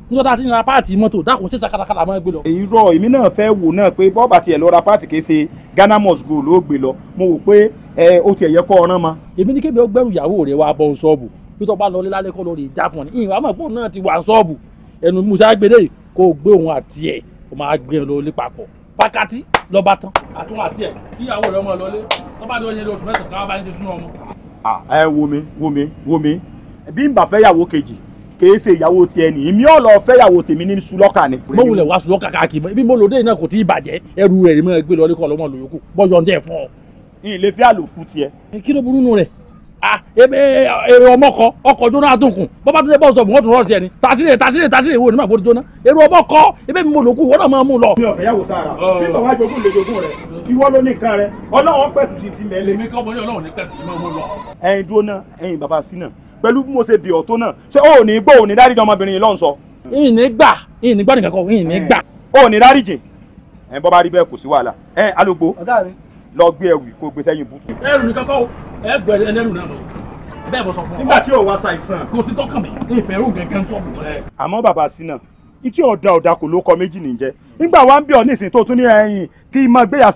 nígbà tá a ti ń ra páàtì mọ́tò dákun ṣe ṣàkàtàkàtà máa gbé lọ. èyí rọ èmi náà fẹ́ wò náà pé bọ́ọ̀bà tiẹ̀ lọ ra páàtì kìí ṣe Ghana must go ló gbé lọ mo wò pé ẹ o tiẹ̀ yẹ kọ́ ọ̀ràn ma. èmi ní kébé ó gbẹ́rù ìyàwó rẹ̀ wá bọ́ ṣọ́ọ̀bù bí tó bá lọ lé lálẹ́ kọ́ lọ rè é jápọ̀ ni ìwà mọ̀ pòun náà ti wà ṣọ́ọ̀bù ẹnu musa gbélé kó o gbé òun àti ẹ̀ o máa gbé lọ lé papọ̀ pákátí lọ́ba tán. àtúntò àti ẹ̀ kíyàwó rẹ̀ ọmọ lọlé tọ́ba ní oye lóṣù mẹ́sàn-án káwá bá ń ṣe súná ọmọ. ẹ wo mi wo mi wo mi bí n bá fẹ́ yàwó kejì kìí ṣe ìyàwó tiẹ̀ ní mi ò lọ fẹ́ ìyàwó tèmi ní sulọ́kà ni. mo wulẹ̀ wá sulọ́kà káàkiri bí mo lò dé náà kò tí ì bàjẹ́ ẹrù rẹ̀ mọ́ ẹgbẹ́ lọ́lẹ́kọ̀ ọlọ́mọ lòyókù bọ́yọ̀ ǹjẹ́ fún ọ. ilé fi àlòkù tiẹ̀. kí ló burú nù rẹ̀ èrò ọmọkọ ọkọ̀ jóná àtúnkùn bọ́bá tó dé bọ́ọ̀sì ọ̀bùn wọ́n tún rọ́ọ̀sì ẹni tàṣírí tàṣírí tàṣírí ìwò onímọ̀ àpòtí jóná èrò ọmọkọ ebí mi mo lòókù wọ́n náà máa mú un lọ. mi ò fẹ́ yàwó sára bí bàbá jogún lè jogún rẹ ìwọ ló ní nǹkan rẹ ọlọ́run pẹ̀tù sí ti mẹ́lẹ̀. èmi kọ́ mo ní ọlọ́run ní pẹ̀tù sí mọ́ mo lọ. ẹ̀yin dúró náà ẹ̀yin bàbá sí náà pẹ̀lú bí mo ṣe bì ọ́ náà ṣé o ò ní gbọ́ ò ní dáríjì ọmọbìnrin yìí lọ́n sọ. ìní gbà ìní gbọ́ nìkan gbà. o ò ní dáríjì ẹ bọ́ bá rí bẹ́ẹ̀ kò sí wàhálà ẹ alógbó lọ gbé kó gbé sẹ́yìn ọ. nígbà o wá ṣàìsàn. kò sí tọkàn mi gẹ́gẹ́ ń mi àmọ́ bàbá ọ̀dà ọ̀dà kò ló méjì nìjẹ́ nígbà wa ń bí tó n máa gbéyà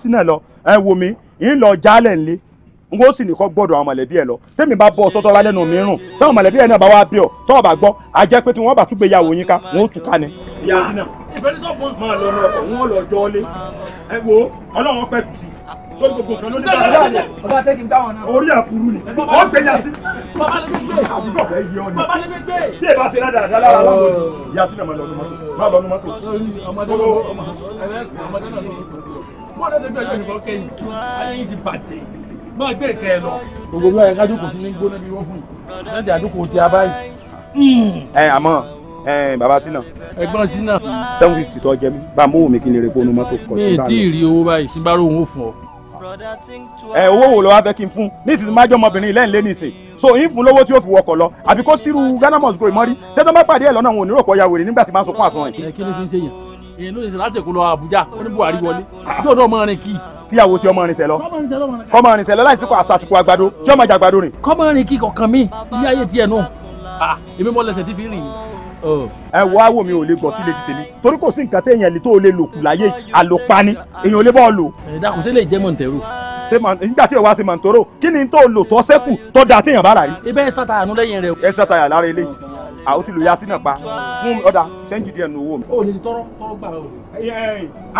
n kò sì nìkan gbọ́dọ̀ àwọn mọ̀lẹ́bí ẹ lọ tẹmí bá bọ sọtọ wa lẹ́nu mìíràn táwọn mọ̀lẹ́bí ẹ náà bá wá bí ọ tọwọ bá gbọ́ a jẹ́ pé tí wọ́n bá tún gbéyàwó yín ká wọn ó tún ká ni. ìyá ìfẹ́ni sọ́kùn máa lọ ọkọ̀ wọn lọ jọ lé ẹ wo ọlọ́run pẹ̀ tì sí lórí gbogbo kan ló ní bàbá rẹ ọba tẹ́kì ń dá wọn náà. orí àkúrú ni wọ́n gbé yasi. bàbá lè gbé àbúrò bẹ́ẹ̀ yé ọ ni. bàbá lè gbé. tí èèbá ti rádà rádà lára wọn lòdì. yasi náà máa lọ ọdún mọ́tò máa lọ ọdún mọ́tò. ọmọdé náà ló ń bọ̀ kẹ́yìn ayé ti bàjẹ́ máa gbé ìtẹ́ ẹ lọ. gbogbo bí wàá kájú kò sí ní gbóná bí wọ́n fún yìí náà ti àdúgbò ti a báyìí. Hmm. ẹ àmọ́ ẹ bàbá sínà. ẹ̀gbọ́n sínà. seven fifty tó jẹ mí bá a mú omi kí n lè repo onú mọ́tò kọjú. mi ì tí ì rí owó báyìí tí bá ròhún ó fún ọ. ẹ owó wo ló wá fẹ́ kí n fún ní ìsìn májọ́ ọmọbìnrin lẹ́yìn lẹ́yìn ìsìn so yín fún lówó tí ó fi wọkọ̀ lọ àbí kó sírú ghana must go ìmọ̀rí ṣé tó bá pàdé ẹ̀ lọ́nà òun ò ní rò pọ̀ ya wèrè nígbà tí máa sọ fún àsán yìí. ẹ kí ló fi ń ṣèyàn èyí ló ṣe láti Èkó lọ Àbújá ó ní Buhari wọlé yóò dọ̀ mọ́rin kì í. kíyàwó tí ọmọ rinṣẹ lọ kọ́mọ rinṣẹ lọ láìsí kó àsàsìkò àgbàdo tí ọmọ ìjà àgbàdo rìn. kọ́mọ rin kì í kọ̀ọ̀kan mi ní ayé tiẹ̀ náà èmi mọ lẹsẹ̀ tí fi rìn ẹ wọ awo mi ò lè gbọ́ sí létí tèmi torí kò sí nǹkan téèyàn lè tó lè lò kù láyé àlòpani èèyàn ò lè bọ́ lò. ẹ̀dá kò sí lè jẹ́ mọ̀ntẹ́rù. nígbà tí o wá sí mọ̀ntẹ́rù kí ni tó lò tó sẹ́kù tó da téèyàn bá rà yìí. ibẹ̀ ẹ̀ sátayà nú lẹ́yìn rẹ̀ o. ẹ̀ sátayà lára eléyìí àwọn ti lò yá sínú pa fún ọ̀dà ṣẹ́ńjì díẹ̀ nù owó mi. o lè tọrọ tọrọ gbà o lè.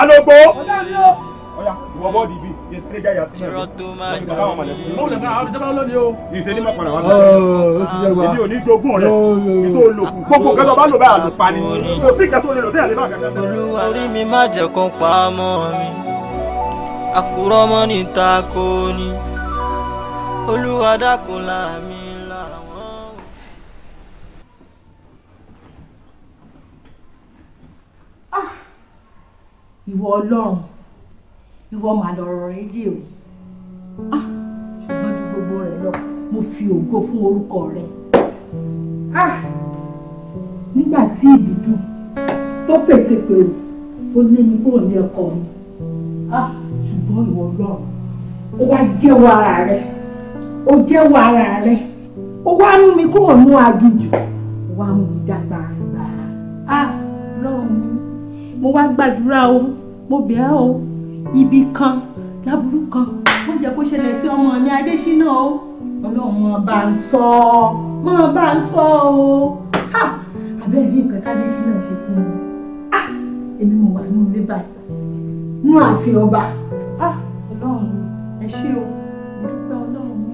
alógbó. ọ̀dà o. ọ̀yà ìwọ bọ́ọ̀dì bíi yé sílé já yà sínú ẹ̀. ìrọ̀ tó máa jọ ọ́ ọ́ lè máa jẹ́ máa lónìí o. ìṣèlú máa padà wá lọ. èmi ò ní jogún rẹ̀ ètò olókùn gbogbo kẹtọ bá lò bá àlò pa ni kò sí ìkẹtọ olè lò sí àlè bá kẹtọ. orí mi má jẹ́ kó pa mọ́ mi àkùrọ̀ mọ́ ni ta ko ni olúwa dákun láàmì. ìwọ ọlọ́run ìwọ mà lọ̀rọ̀ rẹ yé o ah, ṣùgbọ́n ju gbogbo rẹ̀ lọ mo fi ògo fún orúkọ rẹ ah, nígbà tí ìbídùn tó pètèpè o tó lé mi kúrò ní ọkọ mi ah, ṣùgbọ́n ìwọ ọlọ́run ó wá jẹ́wọ́ ara rẹ ó jẹ́wọ́ ara rẹ ó wá mú mi kúrò ní aginjù ó wá mú mi dàgbà àgbà lọ́run mi mo wá gbàdúrà o mo bẹ̀ ẹ́ o ibi kan láburú kan ó jẹ́ kó ṣẹlẹ̀ sí ọmọ mi adésínà o ọlọ́run mọ̀ bá ń sọ ọ́ mọ̀ bá ń sọ ọ́ o abẹ́rẹ́ nǹkan kádésínà ṣe fún mi èmi mo wà nínú ilé báyìí nínú ààfin ọba ọlọ́run ẹ ṣé o mo dúpẹ́ ọlọ́run mi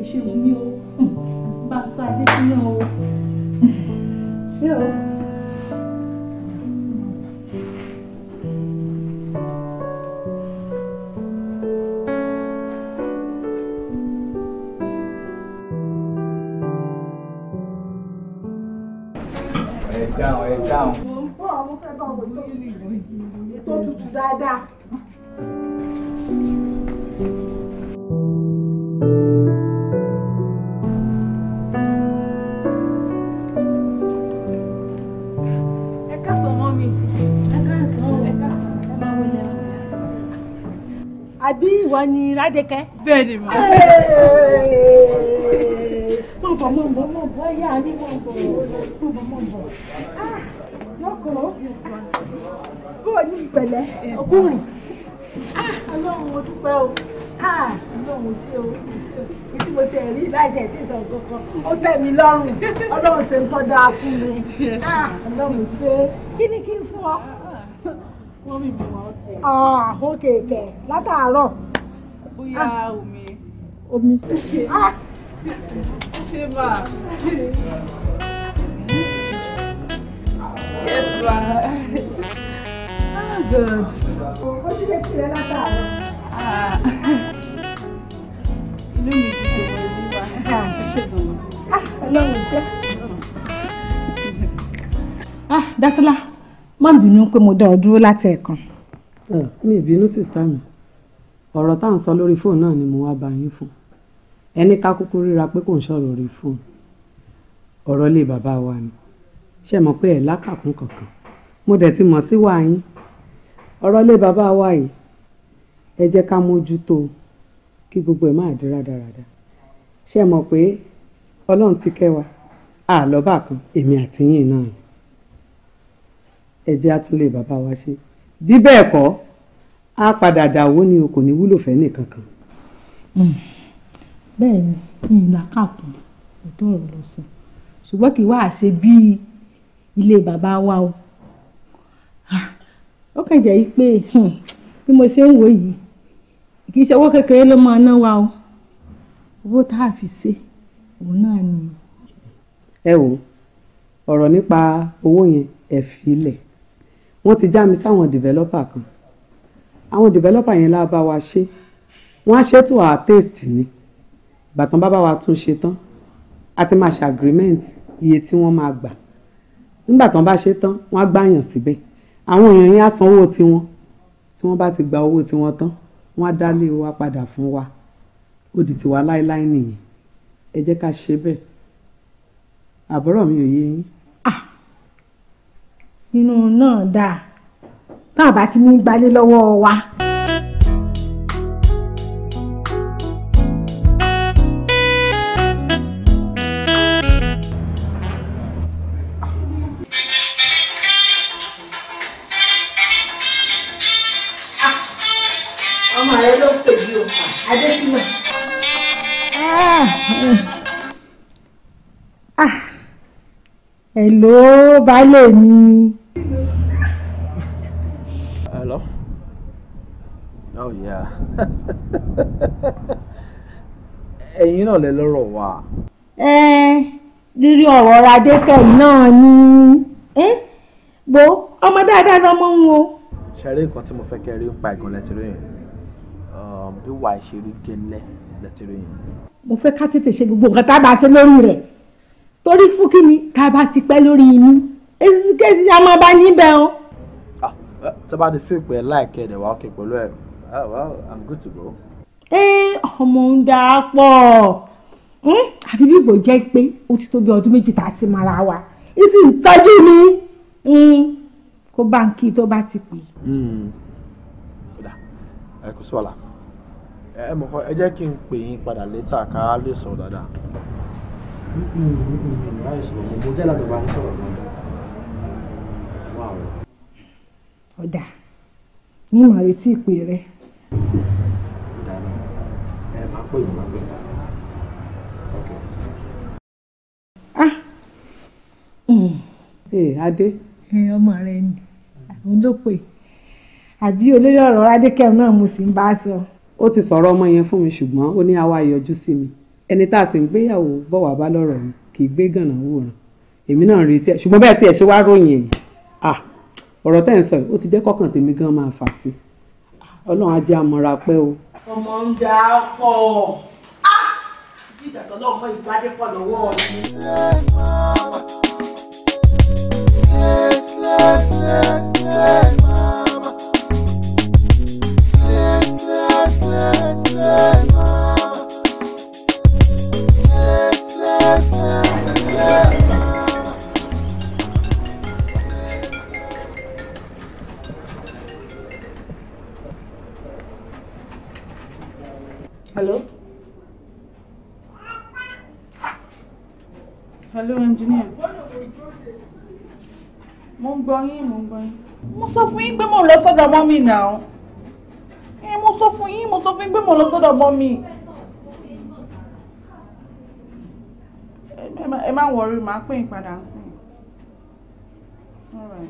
ẹ ṣé o mi o bá ń sọ adésínà o ṣé o. dáhùn ẹ dáhùn. mo ń bọ̀ mo fẹ́ bá ọkọ̀ tó yìí dáadáa. àbí ìwọ ni Rádékẹ́. bẹ́ẹ̀ ni Mọ̀ bọ̀ mọ̀ bọ̀ mọ̀ bọ̀ yá ni mọ̀ bọ̀ mọ̀ bọ̀ mọ̀ bọ̀. Jókòó. Bó o ní ìpẹ̀lẹ́ ọkùnrin. Ọlọ́run mo o. Ah, Ọlọ́run ṣe o. Ìtí mo ṣe rí láìsẹ̀ tí ìsọ̀ kankan. Ó tẹ́ mi lọ́rùn. Ọlọ́run ṣe ń tọ́jú fún mi. Ah, Ọlọ́run ṣe. Kí ni kí n fún ọ? Wọ́n mi bù wọ́n tẹ̀. Ó ah, kèké látàárọ̀. Bóyá omi. Omi ẹ ṣe oh, good. ojú lè tilẹ̀ látàárọ̀. inú mi ti ṣe wọ ìlú wa ẹ ṣe ah Dasila má bínú pé mo dá ọ dúró láti ẹ̀kan. mi ì sísá mi ọ̀rọ̀ tá à ń sọ lórí fóònù náà ni mo wá bá yín fún un ẹni ká kúkú ríra pé kò ń sọ̀rọ̀ orí fóònù ọ̀rọ̀ lé bàbá wa ni ṣe mọ̀ pé ẹ̀ lákàkún kankan mo dẹ̀ ti mọ̀ sí wa yín ọ̀rọ̀ lé bàbá wa yìí ẹ jẹ́ ká mójútó kí gbogbo ẹ̀ máa dira dáradá ṣe mọ̀ pé ọlọ́run ti kẹ́ wa àlọ́bà kan èmi àti yín náà ẹ jẹ́ àtúnlé bàbá wa ṣe bí bẹ́ẹ̀ kọ́ á padà dàwó ni o kò ní wúlò fẹ́ nìkankan. Mm bẹ́ẹ̀ ni kí n là kàkún ètò ọ̀rọ̀ lọ sí ṣùgbọ́n kì í wá ṣe bíi ilé bàbá wa o ah, ó kàn jẹ́ pé hmm, bí mo ṣe ń wò yìí kì í ṣe owó kékeré ló máa ná wa o owó tá a fi ṣe òun náà ni. ẹ wo ọ̀rọ̀ nípa owó yẹn ẹ̀ fi lẹ̀ wọ́n ti já mi sáwọn developer kan àwọn developer yẹn lá bá wa ṣe wọ́n á ṣètò our taste ni bàtàn bàbá wa tún ṣe tán a ti máa ṣe agreement iye tí wọ́n máa gbà nígbà tán bá ṣe tán wọ́n á gbàyàn síbẹ̀ àwọn èèyàn yẹn á san owó tiwọn tí wọ́n bá ti gba owó tiwọn tán wọ́n á dálé wa padà fún wa ó di tiwa láéláé nìyẹn ẹ jẹ́ ká ṣe bẹ́ẹ̀ àbúrò mi ò yé yín. Ah! inú náà dáa tá a bá ti ní gbalé lọ́wọ́ wa. Hello, baálé mi. Hello? Oh yeah. [laughs] Ẹ̀yin náà lè lọ́rọ̀ wá. Ẹ rírí ọ̀rọ̀ Adékẹ́ náà ni. Bo ọmọ dáadáa lọmọ ń wo. Ṣẹ̀rí nǹkan tí mo fẹ́ kẹ́ rí ń pa ẹ̀gàn lẹ́tìrí yẹn. Um, bí wàá ṣe rí gẹ́lẹ́ lẹ́tìrí yẹn. Mo fẹ́ ká tètè ṣe gbogbo nǹkan tá a bá ṣe lórí rẹ̀ torí fún kí ni tá a bá ti pẹ́ lórí inú èsìkéṣì a máa bá níbẹ̀ o. Ah, eh, tó bá ti fi pé láìkẹ́ ẹ̀dẹ̀ wá òkè pẹ̀lú ẹ̀ ah, well i'm good to go. ẹ ọmọ ń dà á pọ̀ hm? àfi bí ìbò jẹ́ pé ó ti tó bí ọdún méjì tá a ti mara wa ìsì ń tọ́jú mi hm, kó báńkì tó bá ti pè. Hmm. ẹ kò sí wàhálà ẹ mọ̀ ẹ jẹ́ kí n pè yín padà létà ká lè sọ dáadáa ọ̀dà ní màá retí ìpè rẹ. ah mm. eh, adé. ọmọ rẹ ni àwọn ló pè àbí olórí ọ̀rọ̀ adékẹ́m náà mo sì ń bá a sọ. ó ti sọ̀rọ̀ ọmọ yẹn fún mi ṣùgbọ́n ó ní àwa yọjú sí mi ẹni tá a sì ń gbéyàwó bọ̀ wá bá lọ́rọ̀ yìí kì í gbé gànà wòran èmi náà retí ẹ ṣùgbọ́n bẹ́ẹ̀ tí ẹ ṣe wá ròyìn èyí ah ọ̀rọ̀ tẹ́ ń sọ yìí ó ti jẹ́ kọ́kàn tèmi gan máa fà sí ọlọ́run á jẹ́ pẹ́ o. ọmọ ń da ọkọ ah hello engineer mo ń gbọ́ yín mo ń gbọ́ yín. mo sọ fún yín pé mo lọ sọ́dọ̀ ọmọ mi náà ẹ mo sọ fún yín mo sọ fún yín pé mo lọ sọ́dọ̀ ọmọ mi. ẹ má wọrí màá pè yín padà sí i.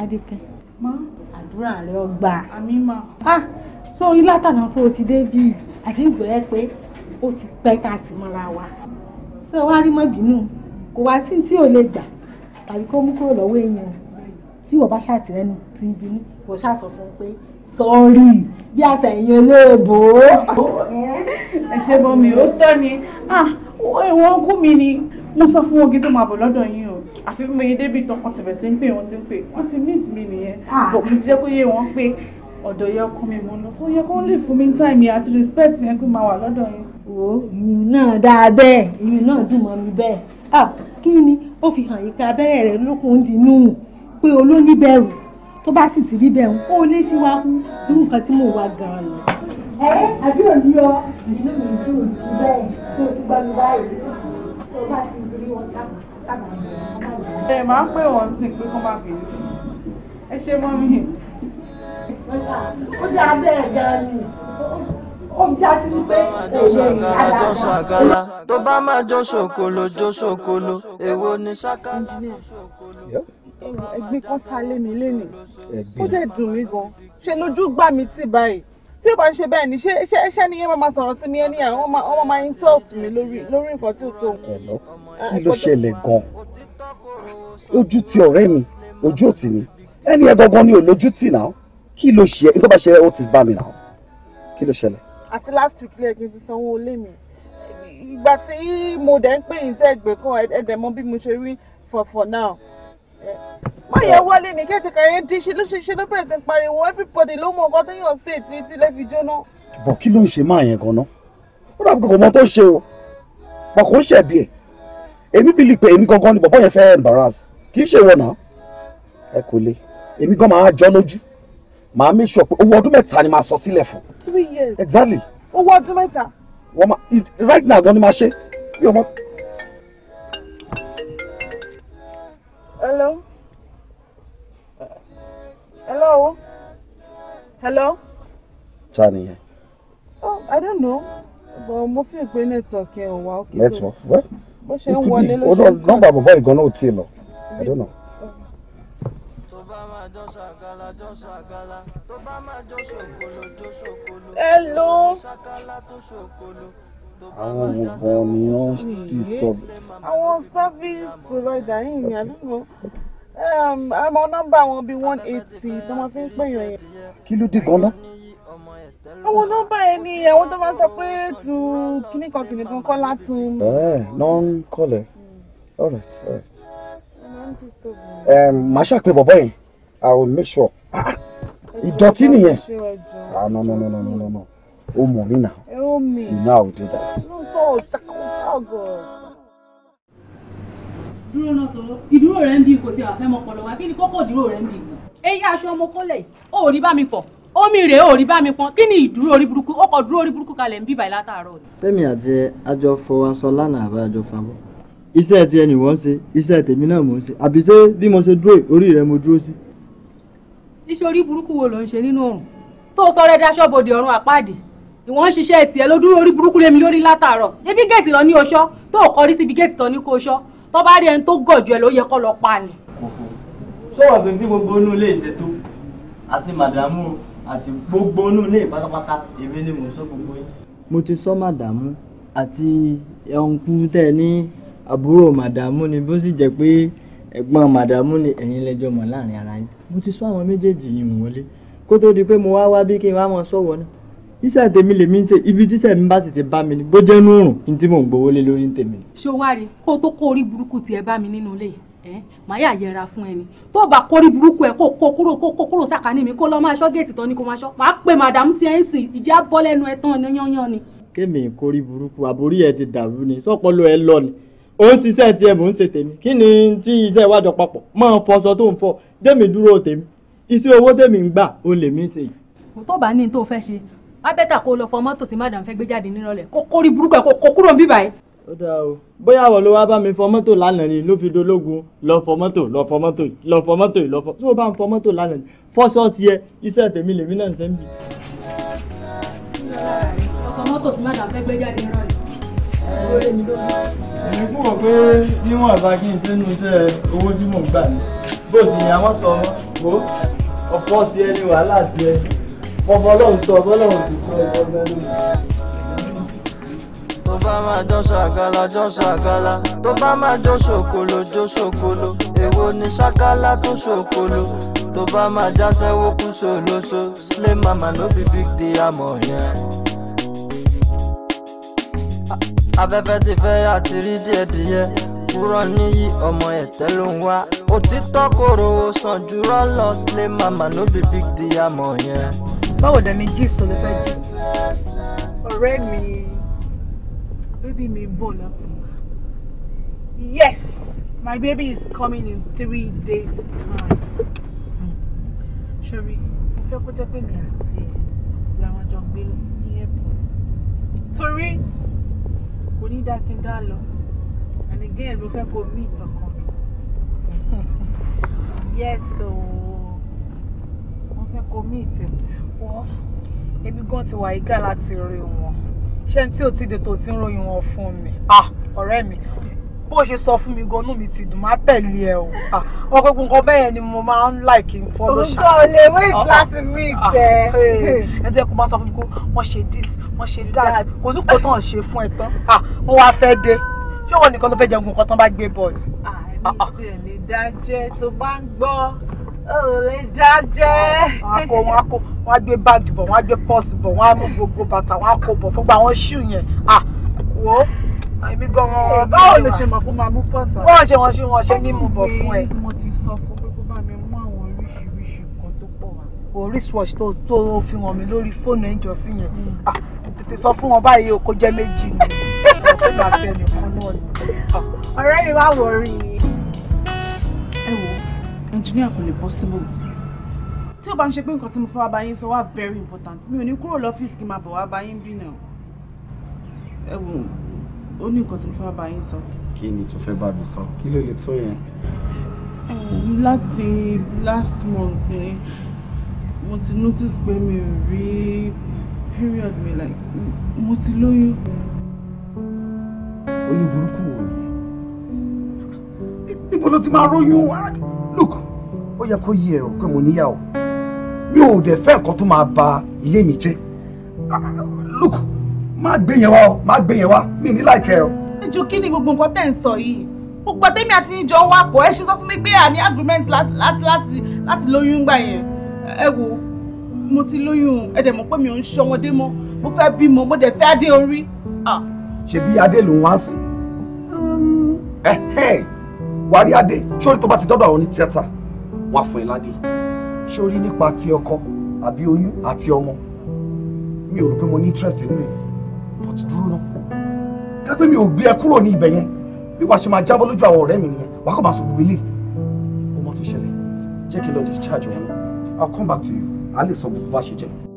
Adékẹ́ àdúrà rẹ ọgbà àmín mà. sórí látànà tó o ti dé bíi àfi ìgbẹ́ pé ó ti pẹ́ ká ti mọ́ra wa ṣé o wá rí mọ́ bínú kò wá sí tí ò lè gbà tàbí kó mú kúrò lọ́wọ́ èèyàn tí wọ́n bá ṣàtìrẹ́nu tí ń bínú wọ́n ṣàṣọ fún un pé sọ́ọ̀rì bí àtẹ̀yìn olóòbò. ẹ ṣe bọ́ mi ó tọ́ ni ah, ìwọ̀n ogún mi ni mo sọ fún ogi tó máa bọ̀ lọ́dọ̀ yín o àfi bí mo yẹ débi tán wọ́n ti bẹ̀ sí ń pè wọ́n ti ń pè wọ́n ti miss mi nìyẹn ah. bọ̀ mo ti jẹ́ kó yé wọn pé ọ̀dọ̀ yẹ ọkọ mo lọ sọ yẹ kó lè fún mi ní táìmì àti respect yẹn pé máa wà lọ́dọ̀ yín wo ìyún náà dáa bẹ́ẹ̀ ìyún náà dùn mọ́ mi bẹ́ẹ̀ ah kí ni ó fi hàn yí pé abẹ́rẹ́ rẹ lókun ń dinú pé olóníbẹ̀rù tó bá sì ti rí bẹ́ẹ̀ ń kó lé sí wa kú irú nǹkan tí mò ń wá gan-an lọ. ẹ àbí òní yọ ìlú mi dùn bẹ́ẹ̀ tó ti gbọ́ mi báyìí tó bá ti rí wọn dábàá. ẹ máa ń pè wọ́n sí pé kó má bèrè ẹ ṣe mọ́ mi. ó dáa bẹ́ẹ̀ gan-an ni ó já sí wípé òun ni alága. tó bá máa jó ṣòkòlò jó ṣòkòlò ni ṣákàlà jó ṣòkòlò ẹgbẹ́ kan sá lé mi lé ní ó dẹ̀ dùn mí gan ṣe lójú gbà mí tì báyìí tí ó bá ṣe bẹ́ẹ̀ ni ṣé ṣé ṣé ni yẹn máa sọ̀rọ̀ sí mi ẹni àwọn ọmọ máa ń sọ́ọ̀tù mi lórí lórí nǹkan tí ó tó. ẹ̀lọ́ kí ló ṣẹlẹ̀ gan-an ojú ti ọ̀rẹ́ mi ojú ò tì mí ẹni ẹ gangan ni ò lójú tì náà kí ló ṣe é nǹkan bá ṣe é ó ti bá mi náà kí ló ṣẹlẹ̀ àti last week lẹ́ẹ̀kì ti sanwó ilé mi ìgbà tí mo dẹ̀ ń pè yín tẹ́ ẹgbẹ́ kan ẹ̀dẹ̀ mọ bí mo ṣe rí for for now. má yẹ wọlé ní kẹ́kẹ́kẹ́ yẹn dín ṣe ló ṣe ṣe ló bẹ̀rẹ̀ sí pariwo everybody ló mọ nǹkan tó yàn sí ètí tí lẹ́ fi jóná. bọ̀ kí ló ń ṣe máa yẹn gan-an ó dàbí kò mọ ṣe o bọ̀ kò ń ṣẹ̀bi ẹ̀ èmi bí lè pè èmi gangan ni bọ̀bọ̀ yẹn fẹ́ embarrass kì í ṣe wọ̀nà ẹ kò le èmi gan máa jọ lójú màá make sure pé owó ọdún mẹ́ta ni màá sọ sílẹ̀ fún three years. exactly. owó ọdún mẹ́ta. wọ́n ma right now don't ni ma ṣe bí hello. hello. hello. ta ni oh i don't know but mo fi pe network yẹn wà ó kí What? tó. network wẹ́. bó ṣe ń wọlé ló ṣe ń sọ. nọ́mbà bàbá i don't know bá máa jọ ṣàkàlà jọ ṣàkàlà tó bá máa jọ ṣòkòlò tó ṣòkòlò hello ṣàkàlà tó ṣòkòlò àwọn gbogbo ni wọ́n ti sọ. àwọn service provider yìí ni àdúgbò àmọ́ nọ́mbà wọn bíi one eighty tí wọ́n ti ń pè yàn yẹn. kí ló dé gan-an. àwọn nọ́mbà yẹn ni àwọn tó máa ń sọ pé tu kíníkan kìnìkan kọ́ látún. Eh, ẹ ẹ náà ń kọlẹ̀ all right all right màá ṣàpè bọ̀bọ̀ yẹn i will make sure ìdọ̀tí nìyẹn ah no no no no no no o mọ̀ mí nà you know i will do that. dúró náà sọ̀rọ̀ ìdúró rẹ̀ ń bí kò tí a fẹ́ mọ ọpọlọ wa kí ni kókó ìdúró rẹ̀ ń bí. eyín aṣọ ọmọ kọ́lẹ̀ ò rí bá mi fọ̀ omi rèé ò rí bá mi pọn kí ni ìdúró orí burúkú ó kọ dúró orí burúkú kalẹ̀ ń bí báyìí látàárọ̀. sẹ́mi àti ajọ fọwọ́sọ lánàá àbá àjọ iṣẹ́ ti ẹnì wọ́n ṣe iṣẹ́ tèmi náà mò ń ṣe àbí ṣé bí mo ṣe dúró orí rẹ mo dúró sí. iṣẹ́ orí burúkú wo ló ń ṣe nínú ọ̀run tó sọ rẹ daṣọ́ bòde ọ̀run àpáàdì ìwọ̀n ń ṣiṣẹ́ tiẹ̀ ló dúró orí burúkú lémi lórí látàárọ̀ ṣébí géètì lọ ní oṣọ́ tó kọrí síbi géètì tán ní kó oṣọ́ tó bá rí ẹni tó gọ̀jù ẹ ló yẹ kọ́ lọ pa ni. ṣé wàá fi bí gbogbo inú ilé ìṣètò àti màdàmú àti gbogbo inú ilé pátápátá àbúrò màdàmú ni bó sì jẹ́ pé ẹ̀gbọ́n màdàmú ni ẹ̀yin lẹ́jọ́ mọ̀ láàrin ara yín mo ti sọ àwọn méjèèjì yìí wọlé kó tó di pé mo wá wá bí kí n wá mọ sọ̀wọ́ náà iṣẹ́ tèmi lèmi ń ṣe ibi tíṣẹ́ mi bá sì ti bá mi ni bó jẹ́ nùrùn ní tí mò ń gbowó lé lórí tèmi. ṣé o wá rí kó o tó kó orí burúkú tiẹ̀ bá mi nínú ilé yìí màá yà yẹra fún ẹni tó bá kórí burúkú ẹ kó kó kúrò kó kó kúrò sàkání mi kó lọ máa ṣọ́ géètì tán ni kó máa ṣọ́ màá pè màdàmú sí ẹ̀ǹsì ìjà bọ́ lẹ́nu ẹ̀ tán yányán ni. kémi kórí burúkú àbórí ẹ ti dàrú ni sọ́pọ̀ ẹ lọ ni ó ń ṣiṣẹ́ tiẹ̀ mò ń ṣe tèmi kí ni tí iṣẹ́ ìwádọ̀ papọ̀ máa fọṣọ tó ń fọ jẹ́mi dúró tèmi iṣẹ́ owó tèmi ń gbà ó lè mí ṣe. tó bá ní tó fẹ́ ṣe abẹ́tà kó lọ fọ mọ́tò tí madam fẹ́ gbé jáde nírọ̀lẹ́ kó kórí burúkú ẹ̀ kó kúrò bíbá ẹ̀. ó dáa o bóyá àwọn ló wá bá mi fọ mọ́tò lánàá ni ló fi dológun lọ fọ mọ́tò lọ fọ mọ́tò lọ fọ mọ́tò lọ fọ tó bá ń fọ mọ́tò lánàá ni fọ́ṣọ́ tiẹ̀ iṣẹ́ tèmi lèmi èmi kú wò pé níwọ̀n bá kí n sínú iṣẹ́ owó tí mò ń gbà ní bó ti yàn wọ́n sọ wò ọ̀pọ̀ ti ẹni wàhálà ti ẹ fọfọ lọ́hùn sọ bọ́lọ́hùn ti sọ ẹ̀kọ́ mẹ́rin. tó bá máa jọ ṣàkàlà jọ ṣàkàlà tó bá máa jọ ṣòkòlò jọ ṣòkòlò èwo ni ṣàkàlà tó ṣòkòlò tó bá máa jáṣẹ́wó kú ṣòlóṣo slay mama no be big deal àmọ̀ yẹn afẹ́fẹ́ ti fẹ́ àti rí díẹ̀ díẹ̀ kúrọ̀ níyì ọmọ ẹ̀tẹ́ ló ń wá òtítọ́ kòrò sàn jùlọ lọ sílé màmá no be big deal àmọ́ yẹn. báwo dẹ̀ ni jíìsì ló fẹ́ jù ọ̀rẹ́ mi bébí mi ń bọ̀ láti yes my baby is coming in three days time ṣorí mo fẹ́ kó jẹ́ pé mi àti ẹ̀ làwọn jọ gbé ní airport torí kò ní dá kí n dá lọ and again mo fẹ́ kó mí ìtọ̀kan mi yes ooo mo fẹ́ kó mí ìtẹ̀ wọ́n ebi gan ti wà yíká láti rí wọn ṣé tí o ti dè tó ń ròyìn wọn fún mi ah ọ̀rẹ́ mi bó ṣe sọ fún mi gan-an mi ti dùn má tẹ̀lé ẹ o ah, ọkọ gbogbo nǹkan bẹ́ẹ̀ ni mo máa ń like follow ṣáà. òǹkọ ò wait ah, ah, láti meet ẹ. Eh, ẹ jẹ́ kó máa sọ fún mi pé wọ́n ṣe this wọ́n ṣe that kò sí kò tán ṣe fún ẹ tán wọ́n wá fẹ́ dé ṣé wọn nìkan ló fẹ́ jẹun nǹkan tán bá gbé bọ̀ ni. àmì ìdílé dájẹ́ tó bá ń gbọ́ òòlè dájẹ́. wọn á kó wọn á kó wọn á gbé báàgì bọ̀ wọn á gbé pọ́ọ̀sì bọ̀ wọn á mú gbogbo bàtà wọn á kó bọ̀ fún wọn ṣù àìmí gan-an ọ̀rọ̀ báwo lè ṣe mọ̀ kó máa mú pọ̀sán. wọ́n ṣe wọ́n ṣe wọ́n ṣe mímú bọ̀ fún ẹ. mo ti sọ fún pé kó bá mi mú àwọn oríṣiríṣi nǹkan tó pọ̀ wá. o wristwatch tó tó fi hàn mí lórí fóònù ẹ̀jọ̀ sí yẹn hmm. ah, tètè sọ fún wọn báyìí o kò jẹ́ méjì ni ah, ọ̀rẹ́ mi wá wọ̀rí. ẹ wo ẹnjìníà kò lè bọ́ sí tí ó bá ń ṣe pé nǹkan tí mo fẹ́ bá yín sọ wá very important mi ò ní kúrò lọ́fíìsì kí n máa bọ̀ wá bá yín bí náà ó ní nǹkan tí mo fẹ́ bá yín sọ. kí ni tó fẹ́ bá mi sọ kí ló lè tó yẹn. láti last month ni mo ti notice pé mi ò rí period mi like mo ti lóyún. oyún burúkú wo ni ibo ló ti máa róyún ah, look ó yẹ kó yé ẹ o pé mo níyàwó mi ò dẹ̀ fẹ́ nǹkan tó máa ba ilé mi jẹ́ ah, look má gbé yẹn wá o má gbé yẹn wá mi ní láìkẹ́ o. ìjọ kí ni gbogbo nǹkan tẹ̀ ń sọ yìí gbogbo tèmi àti ìjọ ń wà pọ̀ ẹ ṣe sọ fún mi pé à ní agreement láti láti láti lóyún gbà yẹn ẹ wo mo ti lóyún ẹ dẹ̀ mọ̀ pé mi ò ń ṣọmọdé mọ́ mo fẹ́ bímọ mo dẹ̀ fẹ́ adé orí. ṣebí adé ló ń wá sí um. wàá rí adé sórí tó bá ti dọ́dọ̀ àwọn onítìátà wọ́n á fún ẹ ládé sórí nípa ti ọkọ àbí oyún àti ọmọ mi ò rò pé mo ní interest nínú èyí but dúró náà kápẹ́ mi ò gbé ẹ kúrò ní ibẹ̀ yẹn bí wàá ṣe máa jábọ́ lójú àwọn ọ̀rẹ́ mi nìyẹn wàá kọ́ máa sọ gbogbo ilé ó mọ tó ṣẹlẹ̀ jẹ́ kí n lọ discharge wọn I'll come back to you a lè sọ gbogbo bá ṣe jẹ́.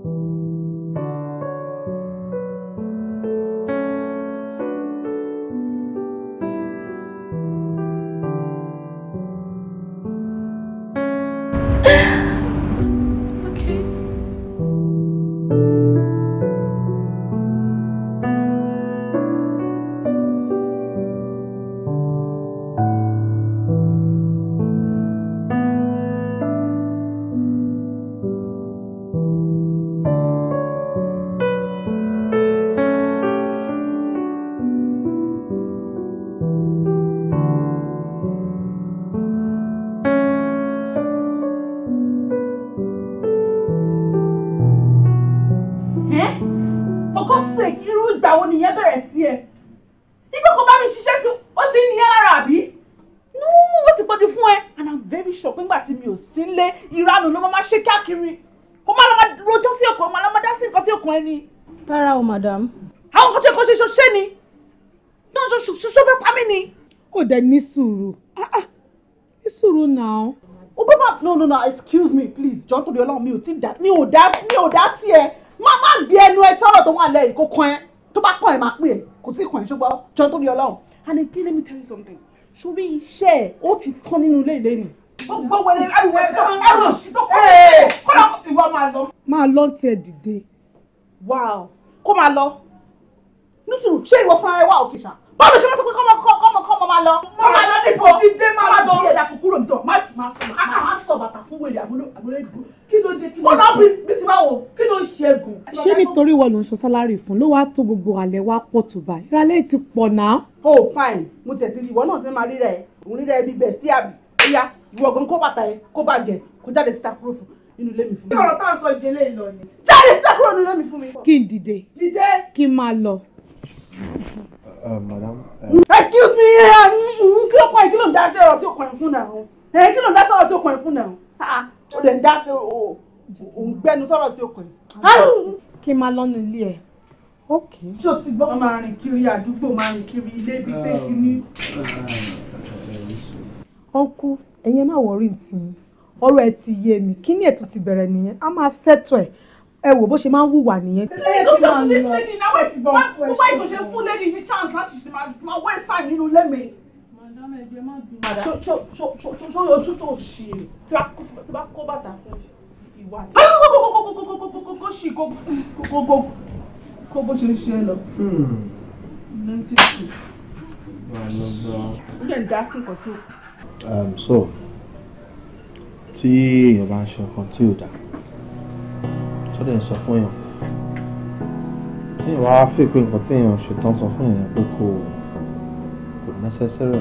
dẹ̀ ní sùúrù ah, ah, ní sùúrù náà. o oh, no no no excuse me please John torí Ọlọ́run mi ò tí mi ò dá mi ò dá sí ẹ má má gbé ẹnu ẹ sọ̀rọ̀ tó wà lẹ́yìn kó kàn ẹ tó bá kàn ẹ máa pè é kò sí kàn ẹ ṣùgbọ́n jọ torí Ọlọ́run and again let me tell you something ṣùgbọ́n iṣẹ́ ẹ̀ ó ti tán nínú ilé ilé ni. gbogbo wẹrẹ ẹrùwẹ ẹrù òṣì tó kọ́ ẹ kọ́lá ìwọ máa lọ. máa lọ tiẹ̀ dìde. wow kó máa lọ nítorí ṣé ìwọ fúnra ẹ wà òkè ṣá bọ́ọ̀lù ṣe máa sọ pé kọ́mọ kọ́mọ kọ́mọ máa lọ. mo máa lọ níbo ti dé máa lọ. máa yẹ̀dà kò kúrò nítorí máa tún máa sọ máa sọ bàtà fún wèrè àbúrò àbúrò ègbò kí ló dé kí ló. mo náà bí bí ti báwo kí ló ń ṣe ègùn. ṣé nítorí wọn ló ń sọ sálárì fún ló wàá tó gbogbo àlẹ́ wa pọ̀ tó báyìí ìrọ̀lẹ́ ti pọ̀ náà. oh fine mo tẹ̀ sí ìwọ náà ti máa ríra ẹ òun ríra ẹ bí bẹ́ẹ̀ sí àbí ìyá ìwọ gan kó bàtà ẹ kó bàgẹ̀ kó jáde síta kúrò fún inú ilé mi fún mi. kí ọ̀rọ̀ tá sọ ìdílé ìlọ ni. jáde síta kúrò nínú ilé mi fún mi. kí n dìde. dìde. kí n máa lọ. Um, madam. Uh, excuse me eh, um, mm, kí ló kàn yín kí ló ń dá sí ọ̀rọ̀ tí ó kàn yín fún náà eh, kí ló ń dá sí ọ̀rọ̀ tí ó kàn yín fún náà ó ah, lè ń dá sí òun gbẹnu sọ̀rọ̀ tí ó kàn yín. kí n máa lọ́nu ilé ẹ̀ ok. ṣé o ti gbọ́ máa rìn kiri àdúgbò máa rìn kiri ilé bíi pé ni. ọ̀nkú ẹ̀yin ẹ má wọrí ntì mi ọ̀rọ̀ ẹ ti yé mi kí ni ètò ti bẹ̀rẹ̀ nìyẹn a máa ṣètò ẹ̀ ẹ wò bó ṣe máa ń wùwà nìyẹn. wọ́n ìtòṣe fún lẹ́ni ní chance láti ṣe máa wẹ́ sá nínú lẹ́mẹ̀. ṣó ojú tó ṣe tí bá kó bàtà fún ìwà tí. kó ṣì kó bó ṣe ń ṣe lọ. Hmm. ó jẹ́ ìdá sí nǹkan tó. Um, so tí èèyàn bá ń ṣe nǹkan tí ò dáa tó dẹ̀ ń sọ fún èèyàn téèyàn wá fi pé nǹkan téèyàn ṣetán sọ fún èèyàn pé kò kò necessary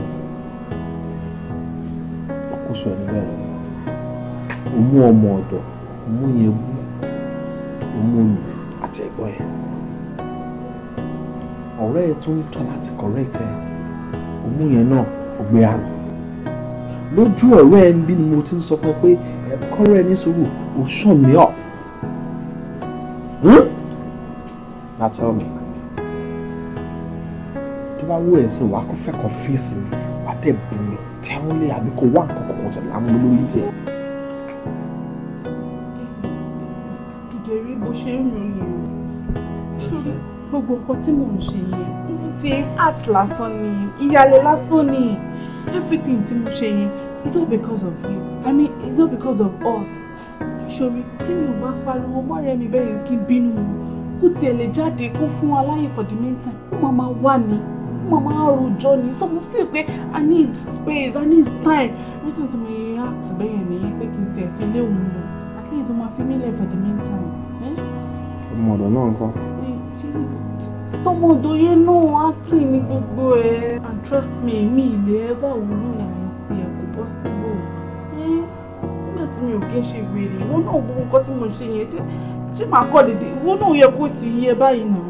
kò sọ níbẹ̀ rẹ̀ o mú ọmọ ọ̀dọ̀ o mú yẹn bú o mú olù àti ẹ̀gbọ́n ẹ̀ ọ̀rẹ́ ẹ̀ tó ń tọ́ láti correct ẹ̀ o mú yẹn náà o gbé àrùn lójú ọ̀rẹ́ ẹ̀ ń bí ni mo ti ń sọ fún ọ pé ẹ̀kọ́ rẹ̀ ní sòwò o sàn mí ọ̀. Now tell me. Tó bá wú ẹ̀sìn wàá kó fẹ́ kàn fèsì mi, wàá tẹ̀ bù mí, tẹ́wọ́n lé àbí kò wá nǹkan kan jẹ̀ láwọn olórí jẹ. Dìde rí bó ṣe ń rún ni o. Sórí gbogbo nǹkan tí mò ń ṣe yẹn, ti art lásán ni, ìyálé lásán ni, everything tí mo ṣe yẹn, it's all because of you, I mean it's all because of us. Sori tí mi ò bá pariwo mọ́rẹ́ mi bẹ́ẹ̀ kí n bínú mi kó tiẹ̀ lè jáde kó fún wa láyè for the meantime ó wà ní ó rojọ́ ní so mo feel pé i need space i need time reason to me. act bẹ́yẹn nìyẹn pé kí n tiẹ̀ fi lé òun lọ at least ó máa fi mí lẹ̀ for the meantime. Eh? ọmọdé náà ń kọ́. Eh, tọmọdọyé náà á tì ní gbogbo ẹ and trust me mi ilé ẹ bá wúlò wọn fi ẹ kò bọ́ sí i nígbà tí mi ò kí ń ṣe wèrè ìwọ náà gbogbo nǹkan tí mo ṣe yẹn tí màá kọ́ dìde ìwọ náà yẹ kó ti yé báyìí náà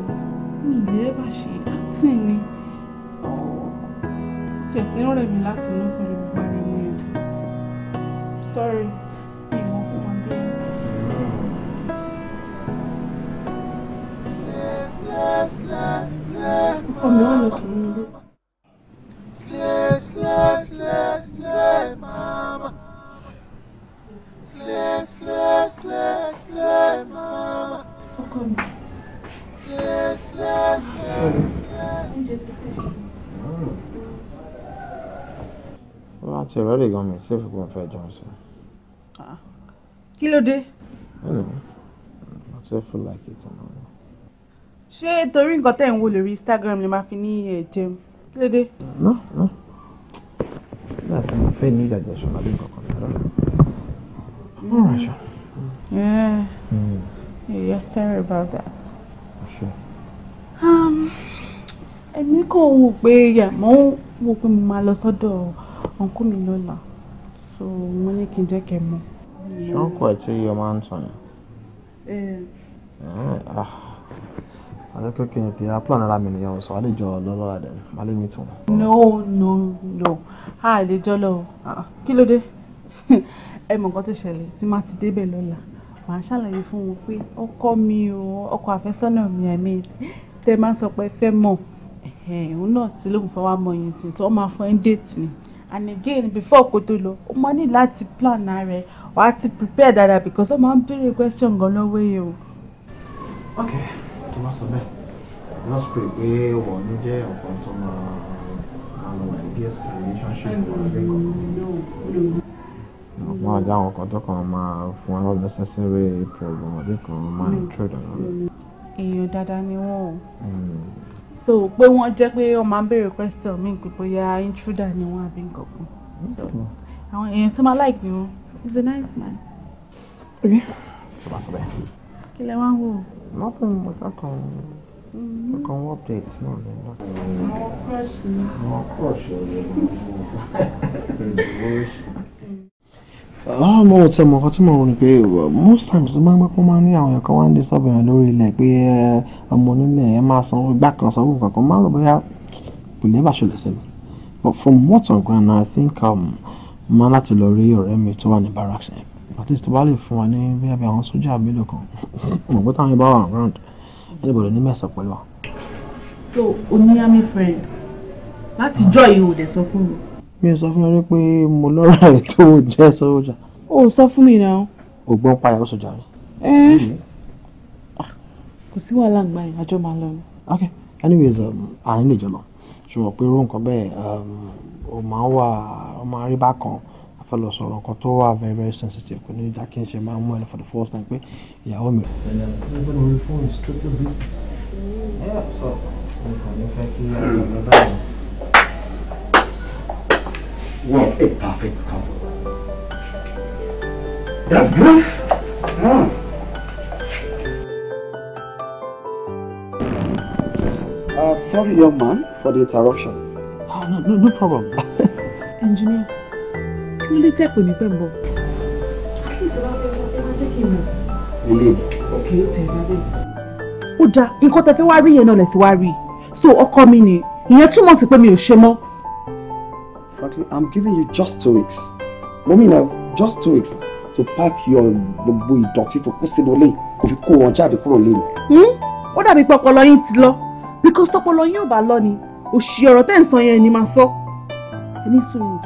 mi ì bá ṣe acting ni tiẹ̀ ti ń rẹ̀ mí láti inú fún mi parí mi o sorry ìwọ kò máa bí i. ọkọ mi wà lọ́kùnrin nílé slay, slay, slay, slay, mama. Slay, slay, slay, slay. wọ́n á ti rẹ́rìí gan mi ṣé fi kún un fẹ́ jọun sí. Ah. kí ló dé. ṣé fún láìkí tí wọ́n mú. ṣé torí nǹkan tẹ̀ ń wò lórí Instagram ni màá fi ní ẹ̀ jẹun kí ló dé. no no nígbà tí mo fẹ́ ní ìdàgbàsọ màá bí nǹkan kan lọ́rọ̀. I'm all right, Sean. Yeah. Mm. Yeah, sorry about that. Sure. Um, èmi kò to go yà mọ́ wò pé mo máa lọ sọ́dọ̀ ọ̀nkú mi so mo ní kí n jẹ́ kẹ́ mọ́. ṣé ó kọ ẹtí yọ máa ń tàn yín. àdókò kí ni tìyà plan ara mi So o sọ àlejò lọ́lọ́ àdẹ malé you tàn. no no no a lè jọ lọ Ah, ló dé [laughs] ẹ mọ nǹkan tó ṣẹlẹ̀ tí má ti débẹ̀ lọ́la màá ṣàlàyé fún wọn pé ọkọ mi o ọkọ àfẹ́sọ́nà mi ẹ̀mí tẹ́ máa sọ pé fẹ́ mọ̀ òun náà tí lóun fẹ́ wá mọ yín sí so ọ máa fọ ẹ́ déètì ni and again before kó tó lọ ó máa ní láti plan ara ẹ wà á ti prepare dáadáa because ó máa ń béèrè question gan lọ́wọ́ yìí o. ok tó bá sọ bẹ́ẹ̀ just pray pé wọ́n ní jẹ́ ọ̀kan tó máa máa lọ wà ní bs relationship wà lẹ́kọ̀ọ́ àwọn ajá àwọn kan tó kàn máa fún ọ lọ́sẹ̀sẹ̀rẹ̀ program àbí kan máa hmm. intrude ọ̀nà rẹ̀. èèyàn dáadáa ni wọ́n o hmm. so pé wọ́n jẹ́ pé wọ́n máa ń béèrè question mi pé bóyá intruder ni wọ́n àbí nǹkan kan àwọn èèyàn tó máa like ni wọ́n he's a nice man. kí lẹ wá ń wò. nothing much ọkàn ọkàn wọ́n update náà ni. àwọn crush ni. àwọn crush ni. [laughs] Hmm ọmọ ah, ò tẹ mọ nǹkan tí mo rò ní most times máa ń gbé pọ́n máa ń ní àwọn èèyàn kan wá ń dé sọ́ọ̀bù yẹn lórí ilẹ̀ pé ọmọ onílẹ̀ yẹn máa sanwó igbá kan sanwó nǹkan kan máa ń bóyá ah, kò lẹ́bàá ṣẹlẹ̀ sẹ́mi but from what on ground I think um, máa láti lọ rí ọ̀rẹ́ mi tó wà ní barracks yẹn at least tó bá lè fún wa ní bí abẹ́ àwọn sójà mélòó kan mọ̀ pé táwọn ibà wà around anybody ní mẹ́sàn pẹ̀lú wa. so o ní friend láti jọ ìhòòdẹ̀ sọ fún mi mi ò sọ fún yín pé mo lọ́ra ẹ̀ tó jẹ́ sọ́jà. o sọ fún mi náà. ògbọ́n payà ó sọjà rẹ. Ah, kò sí wàhálà gbà yín àjọ máa lọ ni. ok anyways àárín um, lè jọ lọ ṣùgbọ́n pé irú nǹkan bẹ́ẹ̀ um, ó máa ń wà ó máa ń rí bákan fẹ́ nǹkan tó wà very very sensitive kò ní dá kí n ṣe máa mú ẹni for the first time pé ìyàwó mi. everybody phone is strictly business. ẹ ẹ sọ nǹkan ní fẹ́ kí ẹ lọ bá yẹn. What a perfect couple. That's good. Yeah. Hmm. Uh, sorry, young man, for the interruption. Oh, no, no, no problem. [laughs] Engineer, kí ló lè tẹ́ pè mí pẹ́ ń bọ̀? Ilé. Òkè ó tẹ̀ dáadé. Ó you nǹkan tẹ fẹ́ wá rí yẹn náà you sí wá rí. So ọkọ mi ni, ìyẹn túmọ̀ sí pé mi ò ṣe mọ́ at i'm giving you just two weeks mommy. Now, just two weeks to pack your gbogbo ìdọ̀tí tó kún sínú ilé kò fi kó wọn jáde kúrò lé mi. Hmm? ó dàbí pọpọlọ yín ti lọ because tọpọlọ yín ò bá lọ ni òṣì ọ̀rọ̀ tẹ́ ń sọ yẹn ni máa sọ ẹni sùúrù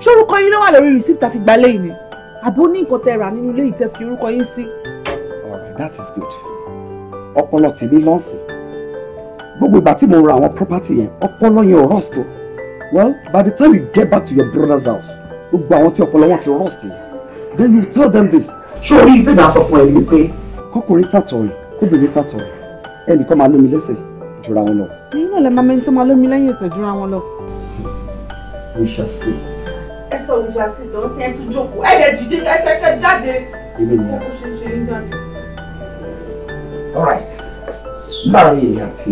ṣé orúkọ yín ló wà lórí receipt àfi gba lẹ́yìn ni àbó ní nǹkan tẹ́ rà nínú ilé ìtẹ́ fi orúkọ yín sí. alright that is good ọpọlọ tèmi lọ́sìn gbogbo ìgbà tí mo ra àwọn property yẹn ọpọlọ yẹn ò rọ́ọ̀sì tó well by the time you get back to your brother's house gbogbo àwọn tí ọpọlọ wọn ti your yìí then you tell them this. ṣé orí ìfẹ́ náà sọ fún you pay. kọkùnrin tàtọ̀ rẹ̀ kóbìnrin tàtọ̀ rẹ̀ ẹnìkan máa lómi lẹ́sẹ̀ jura wọn lọ. èyí náà lè máa mẹni tó máa lómi lẹ́yìn ẹ̀sẹ̀ jura wọn lọ. we shall see. ẹ we shall see tó ń tẹ́ tún jókòó ẹ lè dìde kẹ́kẹ́kẹ́ jáde. èmi ni a. kókó all right láàrin èmi àti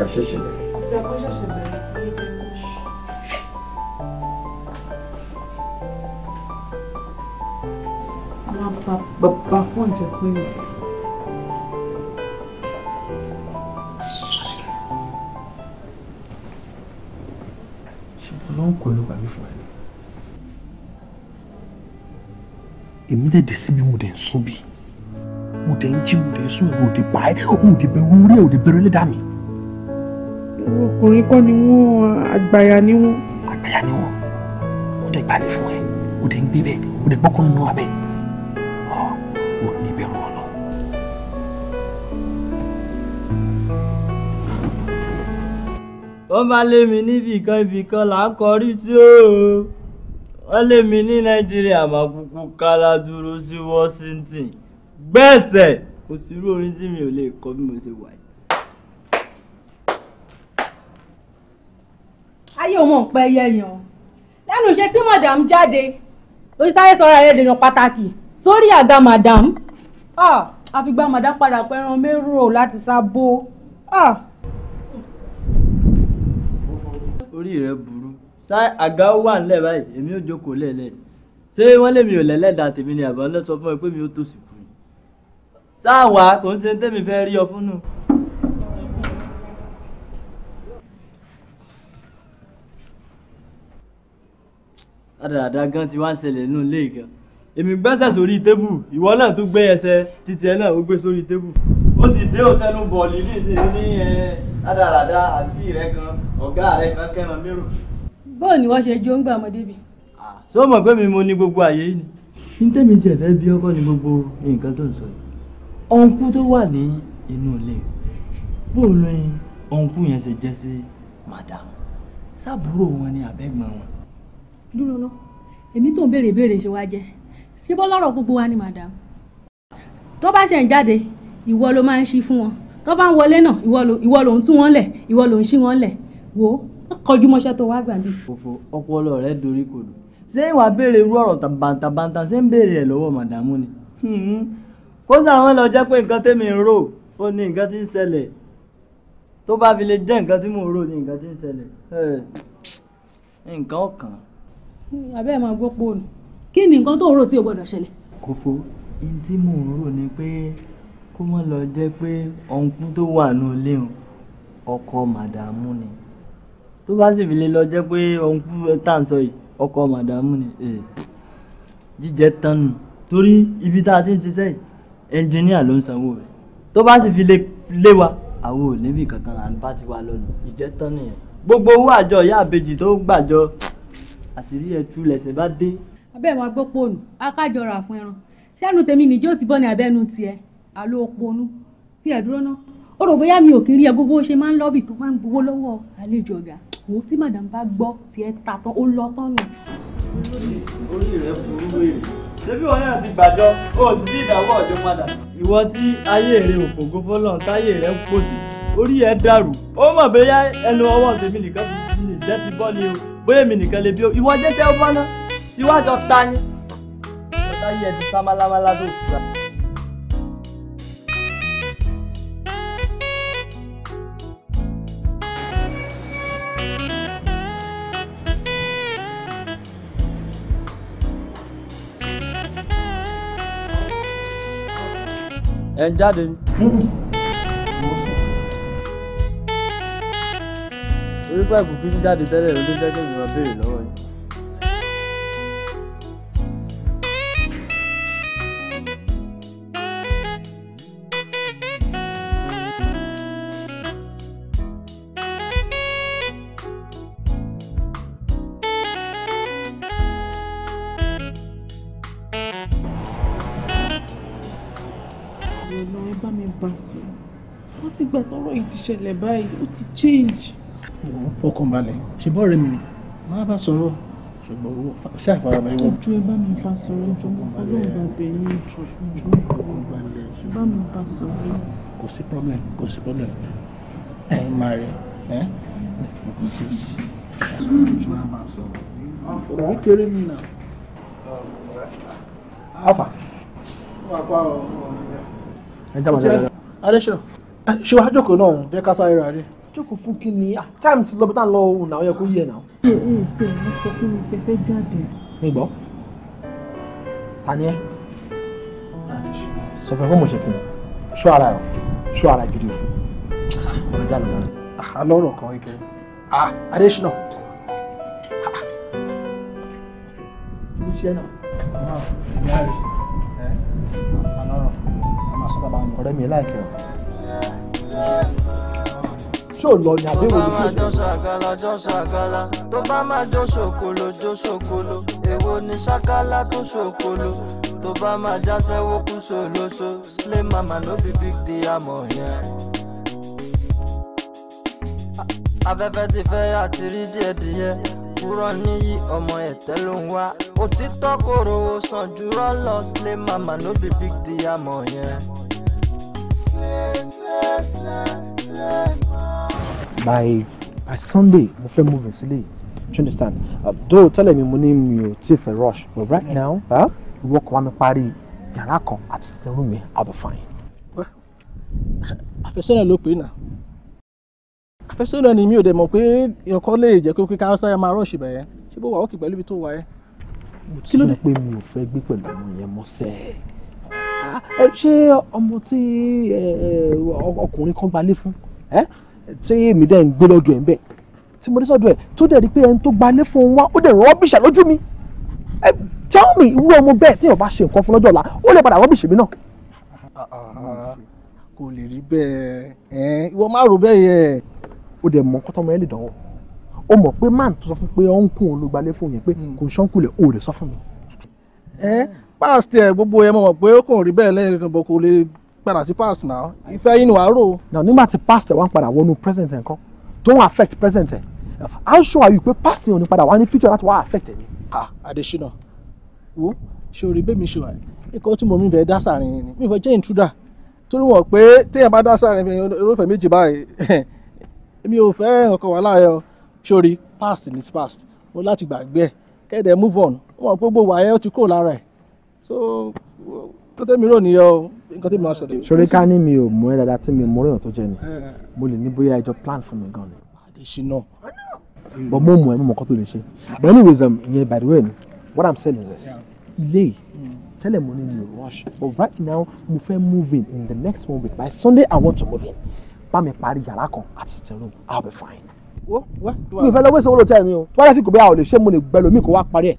ẹ ìjà fa babban wanda kuni ṣùgbọ́n náà kò ló wà ní fún ẹ. èmi dẹ̀ dé síbi mo dẹ̀ ń sún bí mo dẹ̀ ń jí mo dẹ̀ ń sún ìwé òde pa ẹ́ òde bẹ̀rù orí òde bẹ̀rù ẹlẹ́dàá mi. ọkùnrin kọ́ ni wọ́n àgbàyà ni wọ́n. àgbàyà ni wọ́n ó dẹ̀ gbalẹ̀ fún ẹ ó dẹ̀ ń gbé bẹ́ẹ̀ ó dẹ̀ gbọ́kànlélọ́wọ́ bẹ́ẹ̀. wọ́n bá lé mi níbì kan ibì kan là ń kọrí sí o wọ́n lé mi ní nàìjíríà máa kúkú kálá dúró sí washington gbẹ̀sẹ̀ kò sí irú orin tí mi ò lè kọ bí mo ṣe wà yìí. ayé òun ò pẹ́ yẹ yan lẹ́nu iṣẹ́ tí madam jáde oníṣáyé sọ̀rọ̀ ayé dènà pàtàkì sórí àga madam àfìgbà ah, madam padà pẹ́ràn mẹ́rù láti sábó. Ah. orí rẹ burú ṣá àga wà ńlẹ̀ báyìí èmi ò jókòó lẹ́lẹ̀ ṣé wọ́n lèmi ò lẹ́lẹ́dà tèmi ni àbọ̀ ńlẹ́ sọ fún ẹ pé mi ò tó sìkú ni ṣáà wá kò ń ṣe tẹ́mi fẹ́ rí ọ fún nù. àdàdà gan ti wá ń ṣẹlẹ̀ nínú ilé gan èmi gbẹ́sẹ̀ sórí tébù ìwọ náà tún gbé títí ẹ náà ó gbé sórí tébù ó sì dé òsẹ́nu bọ̀ọ̀lì ní ìsinmi ní ẹ ládàradà àǹtí rẹ kan ọ̀gá rẹ kan kẹ́ran mérò. bọ́ọ̀ ni wọ́n ṣe jó ń gbà ọmọ débi. ṣó mọ̀ pé mi mo ní gbogbo àyè yìí ni ní tẹ́mi tiẹ̀ fẹ́ bí ọkọ ni gbogbo nǹkan tó ń sọ yìí ọ̀nkú tó wà ní inú ilé bóun ló yin ọ̀nkú yẹn ṣe jẹ́ sí madam sábúrò wọn ni àbẹ́gbọ̀n wọn. dúró ná èmi tó ń béèrè ìbéèrè ṣe wá jẹ síbọ́ lọ́rọ̀ gbogbo wa ni madam tó bá ṣe ń jáde ìwọ ló máa ń ṣí fún wọn tó bá ń wọlé náà ìwọ lòun tún wọn lẹ̀ ìwọ lòun ṣí wọn lẹ̀ wò ó kọjú mọ́ṣẹ́ tó wá gbà mí. fòfò ọpọlọ rẹ dorí kodò ṣé ìwà béèrè irú ọ̀rọ̀ tàbàǹtàbàǹtà ṣé ń béèrè ẹ̀ lọ́wọ́ màdàmú ni. Hmm. kó sàwọn lọ jẹ́ pé nǹkan tẹ́mi ń rò ó ní nǹkan tí ń ṣẹlẹ̀ tó bá fi lè jẹ́ nǹkan tí mò ń rò ní nǹkan tí ń ṣẹlẹ̀ nǹkan ọ̀kan. àbẹ́ ẹ̀ máa gbọ́ pọ́ọ̀nù kí ni nǹkan tó ń rò tí o gbọ́dọ̀ ṣẹlẹ̀. kòfó ihun tí mò ń kó má lọ jẹ́ pé ọ̀nkú tó wà ní ilé òun ọkọ màdàmú ni tó bá sì fi lè lọ jẹ́ pé ọ̀nkú tá à ń sọ yìí ọkọ màdàmú ni eh, jíjẹ tánu torí ibi tá a ti ń ṣiṣẹ́ yìí ẹnjìníà ló ń sanwó rẹ̀ tó bá sì fi lé wa àwọn ò níbi kankan à ń bá tiwa lọ́nu ìjẹ́ tán nìyẹn gbogbo owó àjọ ìyá àbejì tó gbàjọ àṣírí ẹtù lẹ̀sẹ̀ bá dé. abẹ́ ẹ̀ máa gbọ́ pòónù akájọra fún ẹran ṣẹ́nu tèmi nìjẹ́ ò ti bọ́ ní abẹ́nu tiẹ̀ àlọ́ òponú tí ẹ̀ e dúró ná ó rò bóyá mi ò kí rí ẹ e gbogbo ṣe máa ń lọ́bì tó máa ń gbowó lọ́wọ́ àlejò ọ̀gá wò ó tí madam bá gbọ́ tiẹ̀ e ta tán ó lọ tán nù. orí rẹ burú wèrè ṣébí wọn náà ti gbàjọ o sì ti ìdáwọ́ ọjọ́ padà. ìwọ tí ayé rẹ òfògo fọlọ́n táyé rẹ ń pòsì orí ẹ dàrú ó mọ̀ bóyá ẹnu ọwọ́ tèmi nìkan ti ní ìjẹ́ ti bọ́ ni o bóyá èmi nìkan lè bí o ìwọ jẹ́jẹ́ ó bọ́ ná ìwájọ ta ni. ọ̀tá yìí ẹ ti sá málámálá tó kúra. ẹ̀ ń jáde ni. orí pẹ̀kù kí ń jáde tẹ́lẹ̀ ló ló jẹ́ kí béèrè lọ́wọ́ ṣẹlẹ̀ báyìí ó ti change. mo ń fọkàn balẹ̀ ṣùgbọ́n ọ̀rẹ́ mi ni máa bá sọ̀rọ̀ ṣùgbọ́n owó ṣáà farabalẹ̀ wọn. ojú ẹ bá mi bá sọ̀rọ̀ ṣùgbọ́n ọlọ́run bá bẹ̀rẹ̀ ìjọ ṣùgbọ́n mi bá sọ̀rọ̀. kò sí problem kò sí problem ẹ máa rẹ ẹ kò sí sí. òun kéré mi nà. afa. ẹ dábàá sọ̀rọ̀. adéṣọ́ ṣé wàá jókòó náà jẹ́ ká sáré rárí. jókòó fún kí ni ah, táìmù ti lọ bí tá à ń lọ òun náà yẹ kó yẹ náà. ṣé o ò tí ẹ sọ fún mi pé fẹ́ jáde. mi gbọ́ ta ni ẹ sọ fún ẹ pé mo ṣe kí ni ṣọ́ ara ẹ ṣọ́ ara gidi o ọ̀rọ̀ ah, jáde ah, lọ́rọ̀. alọ́rọ̀ kan kékeré adésínà. Eh, Ọ̀rẹ́ mi láìkẹ́ o ṣó lọ ní àbí wo ni kò jọ ṣàgàlà jọ ṣàgàlà tó bá máa jọ ṣòkòlò jọ ṣòkòlò èwo ni ṣàkàlà tó ṣòkòlò tó bá máa jáṣẹ́wó kú ṣòlóṣo slay mama no be big deal àmọ́ yẹn. afẹ́fẹ́ ti fẹ́ àti rí díẹ̀ kúrọ̀ níyì ọmọ ẹ̀tẹ́ ló ń wá òtítọ́ kòrò sàn jùlọ lọ slay mama no be big deal àmọ́ yẹn by by sunday mo fẹ́ move in sílé you understand uh, though tẹ́lẹ̀ mi mo ní mi ò tí ì rush but right now ìwọ kan wá mi parí yàrá kan àti sẹ́wọ́n mi i'll be fine. àfẹ́sọ́nà ló pè é náà àfẹ́sọ́nà ni mi ò dẹ̀ mọ̀ pé ọkọ lè jẹ́ pé kíkà sáyà máa rush bẹ̀yẹn ṣé bó wà ókè pẹ̀lú ibi tó wà ẹ́. mo ti sọ pé mi ò fẹ́ gbé pẹ̀lú ọmọ yẹn mọ́sẹ̀ ṣé ọmọ tí ọkùnrin kan gbalé fún tí èmi dẹ̀ ń gbé lọ́dọ̀ ẹ̀ ń bẹ̀ tí mo dé sọ́dọ̀ ẹ̀ tó dẹ̀ rí pé ẹni tó gbalé fún wa ó dẹ̀ rọ́bìṣà lójú mi tell me irú ọmọ bẹ́ẹ̀ tí èèyàn bá ṣe nǹkan fún lọ́jọ́ ọ̀la ó lè padà rọ́bìṣì mi náà. kò lè rí bẹ́ẹ̀ ìwọ máa rò bẹ́ẹ̀ yẹ. ó dẹ̀ mọ kọ́tọ́ ọmọ ẹ lè dánwò ó mọ̀ pé máà tó sọ fún pé ọ̀nkùn ló gbalé fún yẹn pé hmm. kò ń ṣọ́nkùlẹ̀ ó lè sọ fún mi past ẹ gbogbo ẹ mọ̀ pé ó kàn rí bẹ́ẹ̀ lẹ́yìn kan bọ̀ kò lè padà sí past náà ìfẹ́ yín wàá rò. now nígbà tí past ẹ wá ń padà wọnú present ẹ nǹkan tó ń affect present ẹ how sure are you pé past ẹ ò ní padà wá ní future láti wá affect ẹ ni. ah Adesina wo ṣe orí bẹ́ẹ̀ mi ṣe wà ikọ̀ tí mo mi fẹ́ dá sàárín ni mi fẹ́ jẹ́ intruder torí wọn pé téèyàn bá dá sàárín mi olófẹ́ méjì báyìí [laughs] mi ò fẹ́ ọkọ̀ wà láàyò sórí past is past mo láti gbàgbé ẹ̀ kẹ́ẹ̀dẹ̀ move on wọn pé gbogbo àyẹ̀ ó ti kúrò lára ẹ̀ so nǹkan tẹ́mi rò níyọ nǹkan tẹ́mi máa ṣẹlẹ̀. sori ká ní mi ò mú ẹ dáadáa tí mi mú rẹ̀ tó jẹ ni eh, eh. mo lè ní bóyá ẹjọ́ plan fún mi gan ni. àdéṣe náà. but mo mọ ẹ mo mọ kó tó lè ṣe but anyways um, ìyẹn by the way what i'm saying is this ilé yìí mm. tẹ́lẹ̀ mo ní mi ò rush but right now mo fẹ́ move in in the next one week by sunday i want to move in bá mi parí yàrá kan àti sitting room i'll be fine. wo wá. mi ò fẹ́ lọ wẹ́sẹ̀ wọ́n lọ tẹ́ ẹ̀ ní o wọ́n yẹ kí kò bẹ́ẹ̀ àwọn olè ṣé mo lè gbẹ lómi kó wá parí ẹ̀.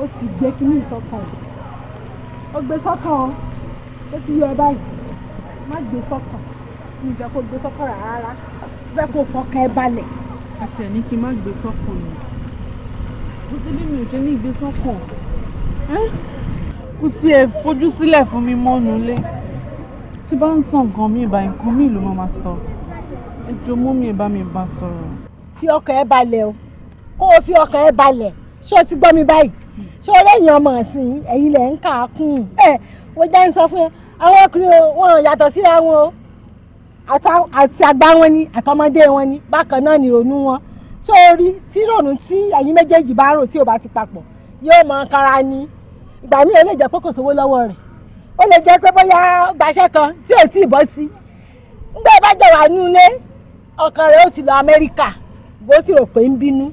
ó sì gbé kínní sọ́kàn ó gbé sọ́kàn ó ó ti yọ ẹ báyìí má gbé sọ́kàn mi fẹ́ kó gbé sọ́kàn rárá fẹ́ kó fọkàn ẹ balẹ̀. àti ẹni kí n má gbé sọ́kàn ni bó ti bí mi ò ṣe ní ìgbé sọ́kàn kò tiẹ̀ fojú sílẹ̀ fún mi mọ́nu lé tí bá ń sọ nǹkan mi ìbá nǹkan mi ló máa sọ ẹ jọ mú mi ìbá mi bá sọ̀rọ̀. fi ọkàn ẹ balẹ̀ o kó o fi ọkàn ẹ balẹ̀ ṣé o ti gbọ́ mi báyìí ṣọlá èèyàn mọ̀ sí ẹ̀yin lẹ̀ ń kà á kún ẹ̀ mo jẹ́ ń sọ fún yẹn àwọn ọkùnrin wọn yàtọ̀ síra wọn o àti àgbà wọn ni àtọmọdé wọn ni bákan náà ni ronú wọn sórí tí rònú tí ẹ̀yin méjèèjì bá rò tí ò bá ti papọ̀ yóò mọ kára ni ìgbà míì ó lè jẹ́ pé kò sówó lọ́wọ́ rẹ̀ o lè jẹ́ pé bóyá gbaṣẹ́ kan tí o tí ì bọ́ sí nígbà bá jẹ́ wà nínú ọkàn rẹ̀ ó ti lọ Amẹ́ríkà bó ti rò pé ń bínú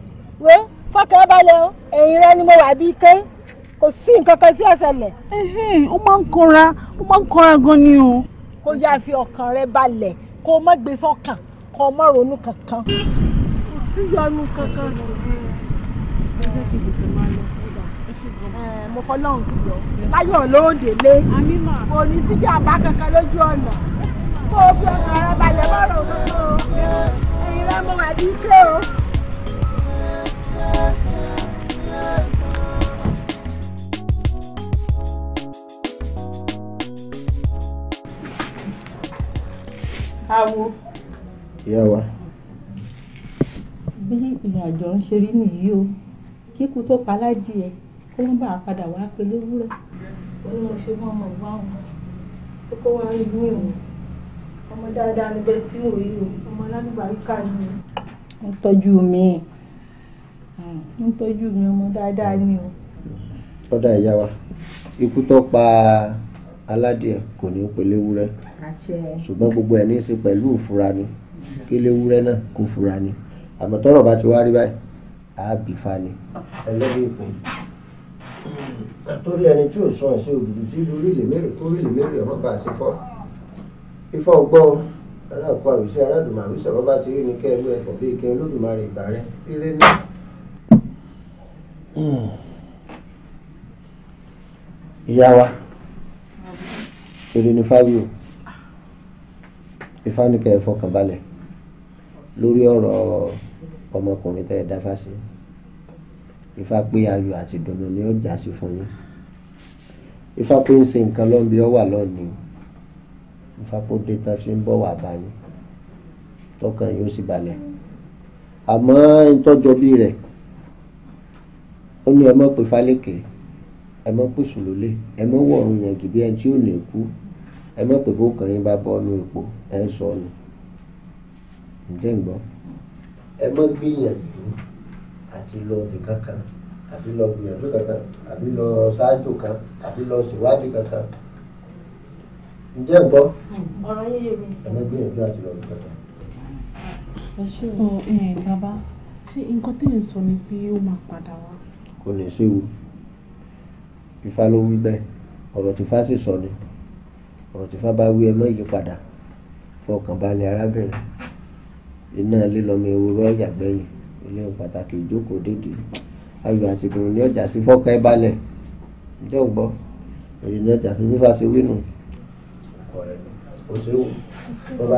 wọ́n fọkàn balẹ̀ o ẹ̀yìn rẹ ni mo wà bíi ké kò sí nǹkan kan tí ó ṣẹlẹ̀. ó máa ń kanra ó máa ń kanra gan ni o. kó yá fi ọkàn rẹ balẹ̀ kó o má gbé sọ́kàn kó o má ronú kankan. kò sí yọnu kankan. mo fọlọ́run sí ọ láyọ̀ lóde lé kò ní síjà bá kankan lójú ọ̀nà kó o fi ọkàn rẹ balẹ̀ mọ́rọ̀ kankan o rẹ mo wà bíi ké o awo. ìyá wa. bí ìrìn àjò ń ṣe rí nìyí o kíkú tó pa ládìẹ kó wọn bá a padà wá pé léwúrẹ́ olùmọṣẹ mọ ọmọ ìwà wọn tó kó wá rí inú ìwọn ọmọ dáadáa níbẹ̀ tí mò ń rí o ọmọ alálùbáríkà ni. wọ́n tọ́jú mi ń tọ́jú mi ọmọ dáadáa ni o. ọ̀dà ìyá wa ikú tó pa aládìẹ kò ní pe léwúrẹ́ ṣùgbọ́n gbogbo ẹ̀ ní í ṣe pẹ̀lú òfura ni kí léwúrẹ́ náà kò fura ni àmọ́ tọ́rọ̀ bá ti wá rí báyìí àábì fa ni ẹlẹ́bí ìpè torí ẹni tí ò sàn ṣe òbìdì tí orílẹ̀ mẹ́rẹ̀ orílẹ̀ mẹ́rẹ̀ ọmọ bá ṣe fọ́ ifá ọgbọ́n aláàkọ àwùjọ aládùnmáwùsọ bàbá ti rí ni kẹ́ ẹ mú ẹfọ̀ bíi kẹ́ olódùmarè ìbàrẹ́ eré náà. Hmm. ìyá wa èrè ní fáwíò ìfánikẹ́ ìfọkànbalẹ̀ lórí ọ̀rọ̀ ọmọkùnrin tẹ́ ẹ dáfá sí ifá pé ayọ̀ àti ìdùnnú ni ó já sí fún yín ifá pé ń ṣe nǹkan lọ́nbi ọ wà lọ́ọ̀ni ifá pé ó dé tán fi ń bọ̀ wà báyìí tọkàn yóò sì balẹ̀ àmọ́ ìtọ́jọ́ bí rẹ̀. ó ní ẹ mọ́ pé fálékè ẹ mọ́ pé sùlólè ẹ mọ́ wọ̀ ọ̀run yẹn tí ò lè kú ẹ pé bá epo ẹ ń sọ ọ́nù ǹjẹ́ ń gbọ́. ẹ gbìyànjú àti lọ kankan àbí lọ gbìyànjú kankan àbí lọ ṣáájú kan àbí lọ ṣèwádìí kankan ǹjẹ́ ń gbọ́. ọ̀rọ̀ yíyẹ mi. ẹ gbìyànjú àti lọ ṣe o bàbá nǹkan sọ ni kò ní í séwu Ifá ló wí bẹ́ẹ̀ ọ̀rọ̀ tí sọ ni ọ̀rọ̀ tí Ifá bá wí ẹ padà fọkàn balẹ̀ arábìnrin iná ilé lọ́mọ ewúrọ́ yàgbẹ́yìn ilé pàtàkì ìjókòó dédé ayọ̀ àti ìdùnnú ní ọjà sí fọkàn ẹ balẹ̀ ǹjẹ́ ò gbọ́ èyí ní ọjà fún Ifá ṣe tó bá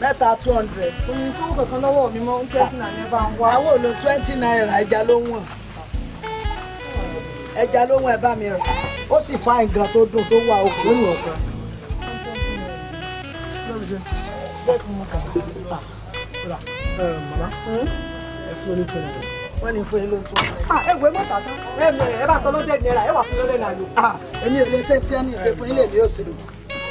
mẹ́ta two hundred. oyin kankan lọ́wọ́ mi mọ́ twenty naira bá ń wá. àwọn òlò twenty naira ẹja ló wọ̀n ẹja ló wọ̀n ẹ bá mi rà ó sì fa nǹkan tó dùn tó wà òkú òyìn ọ̀kan. wọ́n ní fún yín ló tó ń bẹ̀. ẹ̀wọ̀ ẹ má tàtà bá tọ́lọ́dẹ̀ náírà wà fún lọ́dẹ̀ náírà. Ah, èmi ò lè ṣe tí ẹ ní ìṣe fún yín lè ní òṣèlú.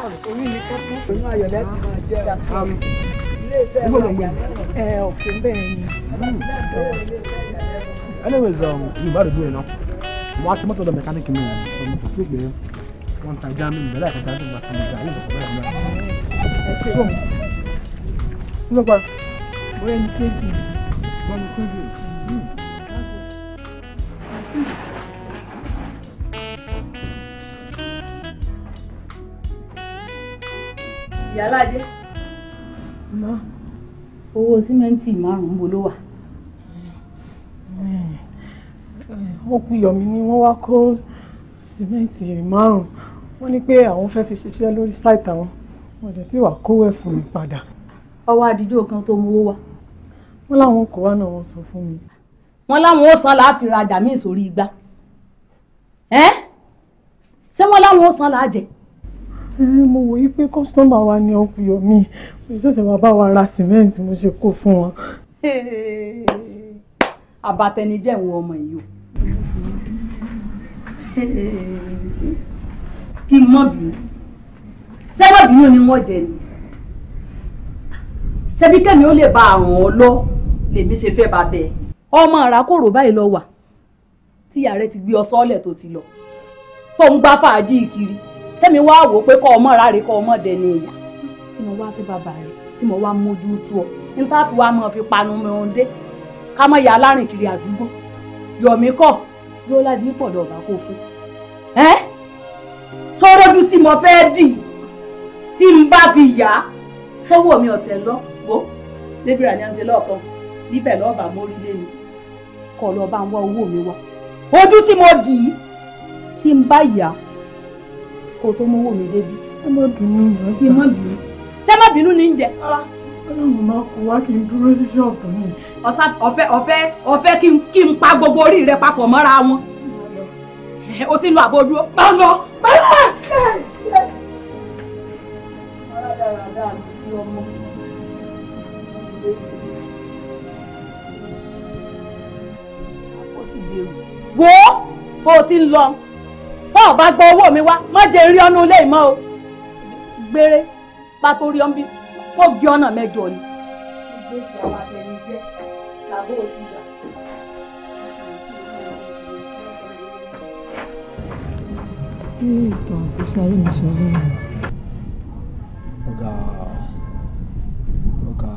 orí um, mi kún fún inú ayọ̀lẹ́ ti máa jẹ́ iléeṣẹ́ ìwọ̀lọ́gbẹ̀ ẹ̀ òkè bẹ́ẹ̀ ni. anyways yorùbá rẹ̀ dúró iná mo á ṣe mọ́tò lọ́dọ̀ mẹkáníìkì mi ìyá ọmọ kò fún pé wọ́n ta já mi ìbẹ̀lẹ̀ àti jáde ìgbà tí mo jà ní ìgbà tí mo jà. ẹ ṣe bọ̀ ń lọ́pàá. bóyá ní kéjì. bóyá ní kéjì. Hmm. ìyálàjẹ. mọ owó símẹ́ǹtì márùn-ún wo ló wà. Okùnyọ̀mí ni wọ́n wá kó símẹ́ǹtì márùn-ún wọ́n ní pé àwọn fẹ́ fi ṣiṣẹ́ lórí sáìtì àwọn wọ́n dẹ̀ tí wà kówó ẹ̀ fún mi padà. ọwọ́ àdìjọ́ kan tó mowó wa. wọ́n láwọn kò wá náà wọ́n sọ fún mi. wọ́n láwọn ó san láàfin rajà míì sórí igbá. ẹ́ ṣé wọ́n láwọn ó san láàjẹ́ mo wò yí pé kọ́sítọ́mà wa ni ọkùnrin mi mo ṣẹ̀ṣẹ̀ wá bá wa ra sìmẹ́ǹtì mo ṣe kó fún wọn. àbàtẹnijẹ́ ìwọ ọmọ yìí o kí n mọ̀ bí sẹ́wọ́n bí yóò ní wọ́n jẹ ni ṣebí kẹ́mi ó lè ba àrùn ọ lọ lèmi ṣe fẹ́ ba bẹ́ẹ̀. ọmọ àràkòrò báyìí lọ wà tíyà rẹ ti gbé ọ sọ́ọ̀lẹ̀ tó ti lọ tó ń gbá fàájì kiri tẹ́mi wá wò pé kọ́ ọmọ rárẹ̀ kọ́ ọmọ dẹ̀ ni ìyá tí mo wá fi bàbá rẹ̀ tí mo wá mójú tó ọ níta fi wá máa fi panu mi òun dé ká mọ̀ ya alárìn kiri àdúgbò yọ̀mí kọ̀ yóò láti pọ̀dọ̀ ọ̀bà kó fún ẹ́ sọ́rọ́dú tí mo fẹ́ dì tí n bá fi yá sọ́wọ́ mi ọ̀tẹ̀ lọ bó débìrà ni à ń ṣe lọ́ọ̀kan níbẹ̀ lọ́ọ̀bà mórí lé mi kọ̀ lọ́ọ́ bá ń wá owó mi wá ojú tí mo dì í tí n bá yá kó tó mówó mi débi. ẹ má bínú ìyá kí má bínú. ṣé má bínú ní jẹ. ọlọ́run máa kó wá kí n dúró sí ṣọ́ọ̀bù mi. ọ̀sán ọ̀fẹ́ ọ̀fẹ́ ọ̀fẹ́ kí n pa gbogbo orí rẹ papọ̀ mọ́ra wọn. o ti lo àbò dúró. má lọ má lọ. dáradára sí ọmọ. wo bó o ti ń lọ bá ò bá gbọ́ owó mi wá má jẹ́ rí ọ́nú ilé ìmọ̀ o gbére bá tó rí ọ́nbí ó gé ọ̀nà mẹ́jọ ni. ọ̀gá ọ̀gá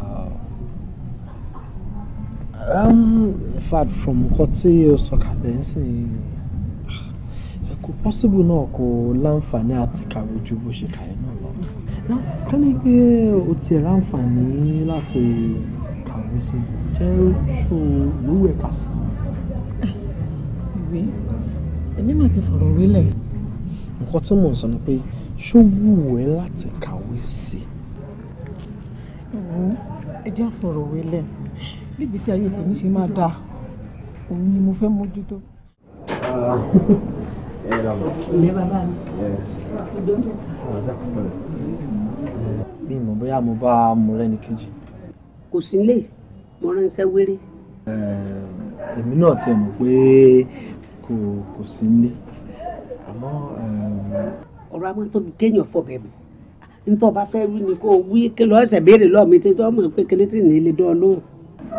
um, far from nǹkan tí o sọ kalẹ̀ ń kò pọ́síbù náà kò láǹfààní àti kàwé ju bó ṣe kàwé náà lọ. ká ní pé o ti ẹ̀ láǹfààní láti kàwé sí i jẹ́ oṣù lówó ẹ̀ka sí. ìwé èmi náà ti fọ̀rọ̀ wílẹ̀. nǹkan tí mò ń sọ ni pé ṣó wù ẹ́ láti kàwé sí i. ẹ jẹ́ àfọ̀rọ̀ wílẹ̀ bíbi iṣẹ́ ayé tèmi ṣe máa dáa òun ni mo fẹ́ mójútó. [laughs] ilé bàbá mi mi mọ̀ bóyá mo bá mo rẹ́ni kejì. kò sí lè mo ránṣẹ́ wéré. èmi náà tiẹ̀ mọ̀ pé kò kò sí nílé àmọ́. ọ̀rọ̀ àwọn tóbi kéèyàn fọbẹ̀ mọ́ nítorí ọba fẹ́ wí ni kó wí kí lọ́ọ́ ẹ̀sẹ̀ béèrè lọ́ọ̀ mi tí tó mọ̀ pé kílé tì ní dán lóhùn.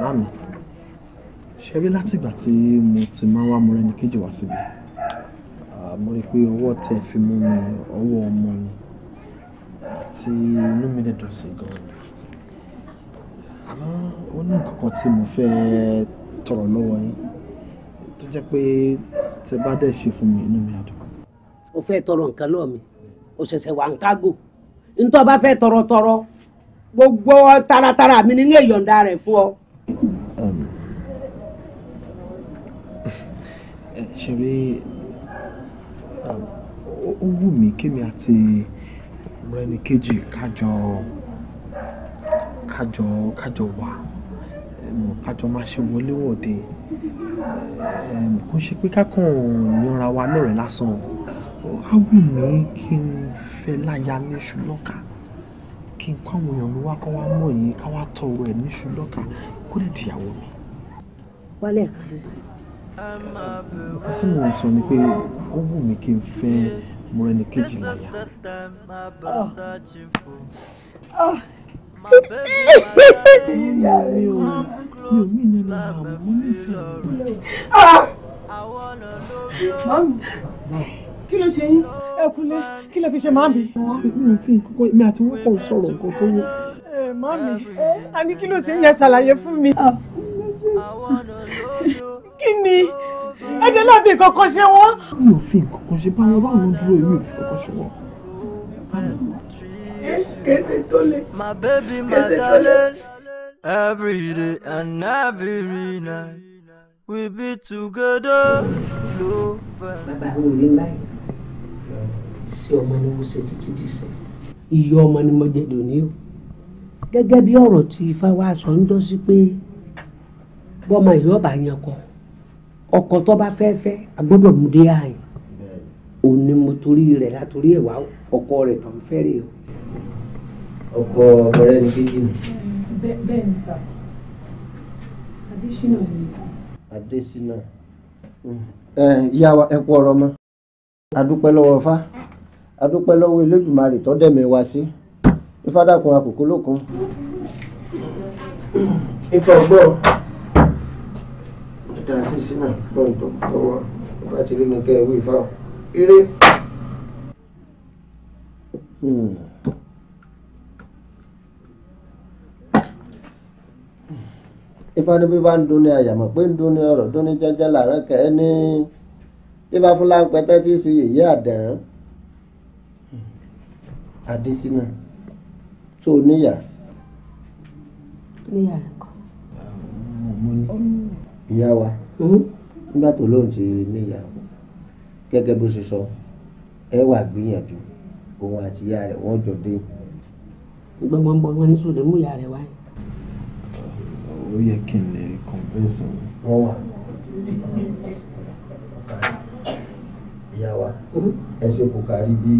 mami ṣe rí látìgbà tí mo ti máa wá mo rẹ́ni kejì wá síbi mo rí i pé ọwọ́ tẹ̀ fi mú mi ọwọ́ ọmọ ni àti inú mi dẹ̀ dùn sí gan-an ni àmọ́ ó ní nǹkan kan tí mo fẹ́ tọrọ lọ́wọ́ yín tó jẹ́ pé tẹ bá dẹ̀ ṣe fún mi inú mi á dùn. o fẹ́ tọrọ nǹkan lọ́ọ̀ mi o ṣẹ̀ṣẹ̀ wà ń kágò ntọ́ bá fẹ́ tọrọ tọrọ gbogbo taratara mi ni ilé ìyọ̀ǹda rẹ̀ fún ọ. [laughs] ṣe rí ó wù mí kémi àti rẹni kejì kájọ kájọ kájọ wà kájọ máa ṣe wọléwọ̀de kò ṣe pé kákan yanra wa lọ́rẹ̀ẹ́ lásán á wù mí kí n fẹ́ láya níṣu lọ́ka kí n kọ́ àwọn èèyàn mi wá kọ́ wá mọ̀ yìí ká wá tọrọ ẹ̀ níṣu lọ́ka kó lè dìyàwó mi. wálé ẹ̀ka tó yẹ tí mò ń sọ ni pé ó wù mí kí n fẹ́ mọ́rẹ́ni kejì láyà. ìyá mi ò mi ò mí ní ẹnu àmọ́ mo nífẹ̀ẹ́ rẹ̀. kí ló ṣe yín ẹ kúlẹ̀ kí lè fi ṣe màmí. mi ò fi kókó èmi àti wọn kàn sọ̀rọ̀ nǹkan tó wọ. màmí a ní kí ló ṣe yẹ ṣàlàyé fún mi. Ah, kí ni oh, ẹ̀jẹ̀ náà fi kankan ṣe wọ́n. mi ò fi kankan ṣe báwọn báwọn dúró èmi ò fi kankan ṣe wọ́n. kẹsẹ̀ tó lé kẹsẹ̀ tó lé. Every day and every night we be together. Bàbá mi ò ní báyìí. Sí ọmọ ni mo ṣe títí dísẹ́. Ìyá ọmọ ni mo jẹ dòní o. Gẹ́gẹ́ bí ọ̀rọ̀ tí ifá wa sọ ń dọ́sí pé bọ́mọ ìyá ọ̀bà yẹn kọ́ ọkọ tó bá fẹ́ fẹ́ a gbọ́dọ̀ mú dé àyìn òní mo torí rẹ̀ látòrí ẹ̀wà ọkọ rẹ̀ tó ń fẹ́rẹ̀ o. ọkọ ọ̀rẹ́ ni kéjì nù. bẹ́ẹ̀ ni sà adésínà ni. adésínà ìyá wa ẹ kú ọ̀rọ̀ mọ́ adúpẹ́ lọ́wọ́ fá adúpẹ́ lọ́wọ́ Elédùmarè tó dẹ̀mí wa sí ifá dákun àkókò lókun. ifá ọgbọ́n dá sísí náà lọ́rùn tó tọwọ́ bá ti rí ní kẹ́ ẹ̀wí fáwọn. ire. Hmm. ifá ní bí bá ń dun ní àyàmọ̀ pé ń dun ní ọ̀rọ̀ dun ní jẹ́jẹ́ làárọ̀ kẹ́ ẹ ní ifá fúnla ń pẹ́tẹ́ tí í yìí àdán adésínà tó níyà. níyà kọ́ ìyá wa hmm? nígbà tó lóun ti níyàwó gẹ́gẹ́ bó ṣe sọ ẹ wà gbìyànjú òun àti ìyá rẹ̀ wọ́n jọ dé. gbọ̀ngbọ̀ngbọ̀n wọn ní sùdẹ̀ mú ìyá rẹ̀ wáyé. ó yẹ kí n lè convince wọn. wọ́n wà ìyá wa ẹ ṣe kò kárí bí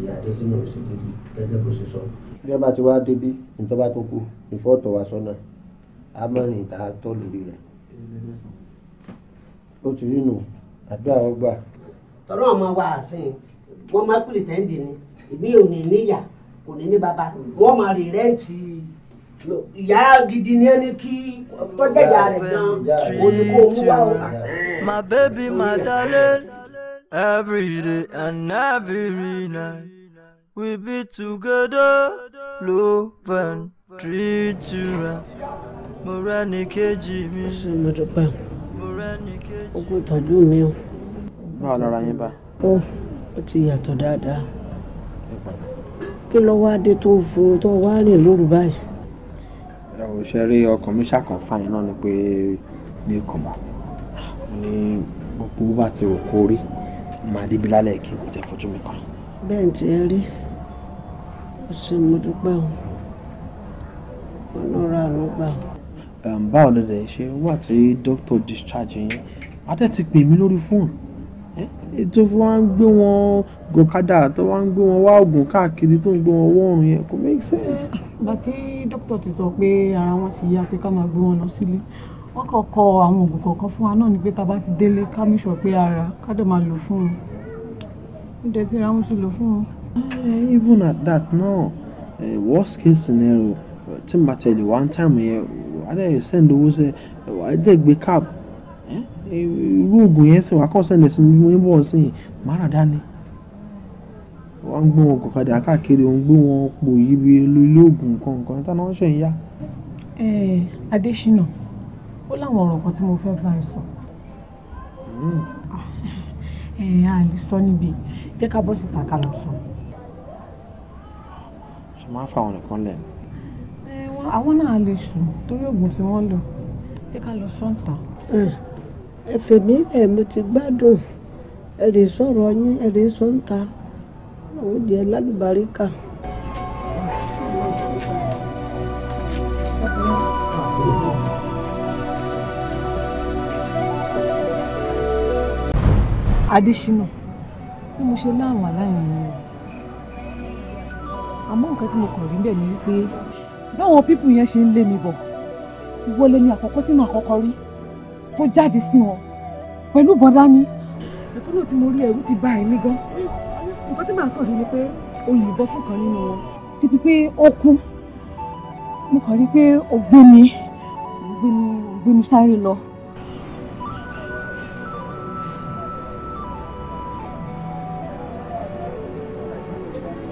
ìyá adésínà ò ṣe débi gẹ́gẹ́ bó ṣe sọ. gẹ́gẹ́ bá ti wá débi ìjọba tó kù ìfọ́tọ̀ wa sọ́nà a mọ̀ ní ìta tọ́ lórí rẹ̀ ó ti rí nù àdúrà wọn gbà. tọ́lọ́ ọmọ wa àsìn wọ́n máa kúlì tẹ́ǹdì ni ìbílẹ̀ ò ní níyà kò ní ní bàbá wọ́n máa rí rẹ́ǹtì ìyá gidi ni ẹni kí tọ́jàjà rẹ̀ gan olùkó mú wá o. my baby my darling every day and every night we be together love and treat you right mo rẹ́ni kejì mi. ó sì mo dúpẹ́ ogun ìtọ́jú mi o. báwo lọ́ra yín bá. ó ó ti yàtọ̀ dáadáa kí ló wá dé tó fo tó wá rìn lóru báyìí. ẹ ò ṣe rí ọkàn mi ṣàkàn fáyín náà ni pé mi kàn mọ́ ní gbogbo bá ti rò kó rí máa débi lálẹ́ kí n kò tẹ fojú mi kan. bẹ́ẹ̀ tí ẹ rí ó sì mo dúpẹ́ o ọlọ́run àánú gbà o báwo lè dẹ̀ ṣe wà tí doctor discharge yín adé ti pè mí lórí fóònù tó fi wá ń gbé wọn gòkádà tó wá ń gbé wọn wá oògùn káàkiri tó ń gbé wọn wọ́ọ̀rùn yẹn kò make sense. bàtí dókítà ti sọ pé ara wọn ti yá pé ká máa gbé wọn lọ sílé wọn kàn kọ àwọn oògùn kọ̀ọ̀kan fún wa náà ni pé tá a bá ti délé ká mi sọ pé ara ká dẹ̀ máa lò fún un níta sí ara wọn ti lò fún un. even at that náà no. worst case scenario tí màtẹ̀lẹ̀ one time yẹn adé send owó sẹ eh, adé gbé cab eh? irú oògùn yẹn sì wà kọ́ sẹ́ndẹ̀ mara dání wọ́n ń gbọ́n ọkọ̀ kadà káàkiri gbé wọn pò yíbi ilé oògùn nǹkan níta náà ń ṣe ń yá. Adésínà ó láwọn tí mo fẹ́ bá ẹ sọ hmm. [laughs] a lè sọ níbi jẹ́ ká bọ́ síta ká lọ sọ. ṣe máa fa àwọn nìkan àwọn náà lè sùn torí oògùn tí wọ́n lò pé ká lọ sọ́ǹtà. ẹ̀fẹ̀mí ẹ̀ mo ti gbádùn ẹ̀rì sọ̀rọ̀ yín ẹ̀rì sọ́ǹtà ó jẹ́ lálùbáríkà. adésínà bí mo ṣe láwọn aláìní rẹ àmọ́ nǹkan tí mo kàn rí bẹ́ẹ̀ ni wípé báwọn pípù yẹn ṣe ń lé mi bọ̀ ìwọ lẹni àkọ́kọ́ tí màá kọ́kọ́ rí tó jáde sí wọn pẹ̀lú bọ́dá ní. ìkúrò tí mo rí ẹ̀rù ti bá ẹ̀mí gan nǹkan tí màá kàn rí ni pé o yìnbọn fún kan nínú wọn. débi pé ó kú mo kàn rí pé o gbé mi o gbé mi o gbé mi sáré lọ.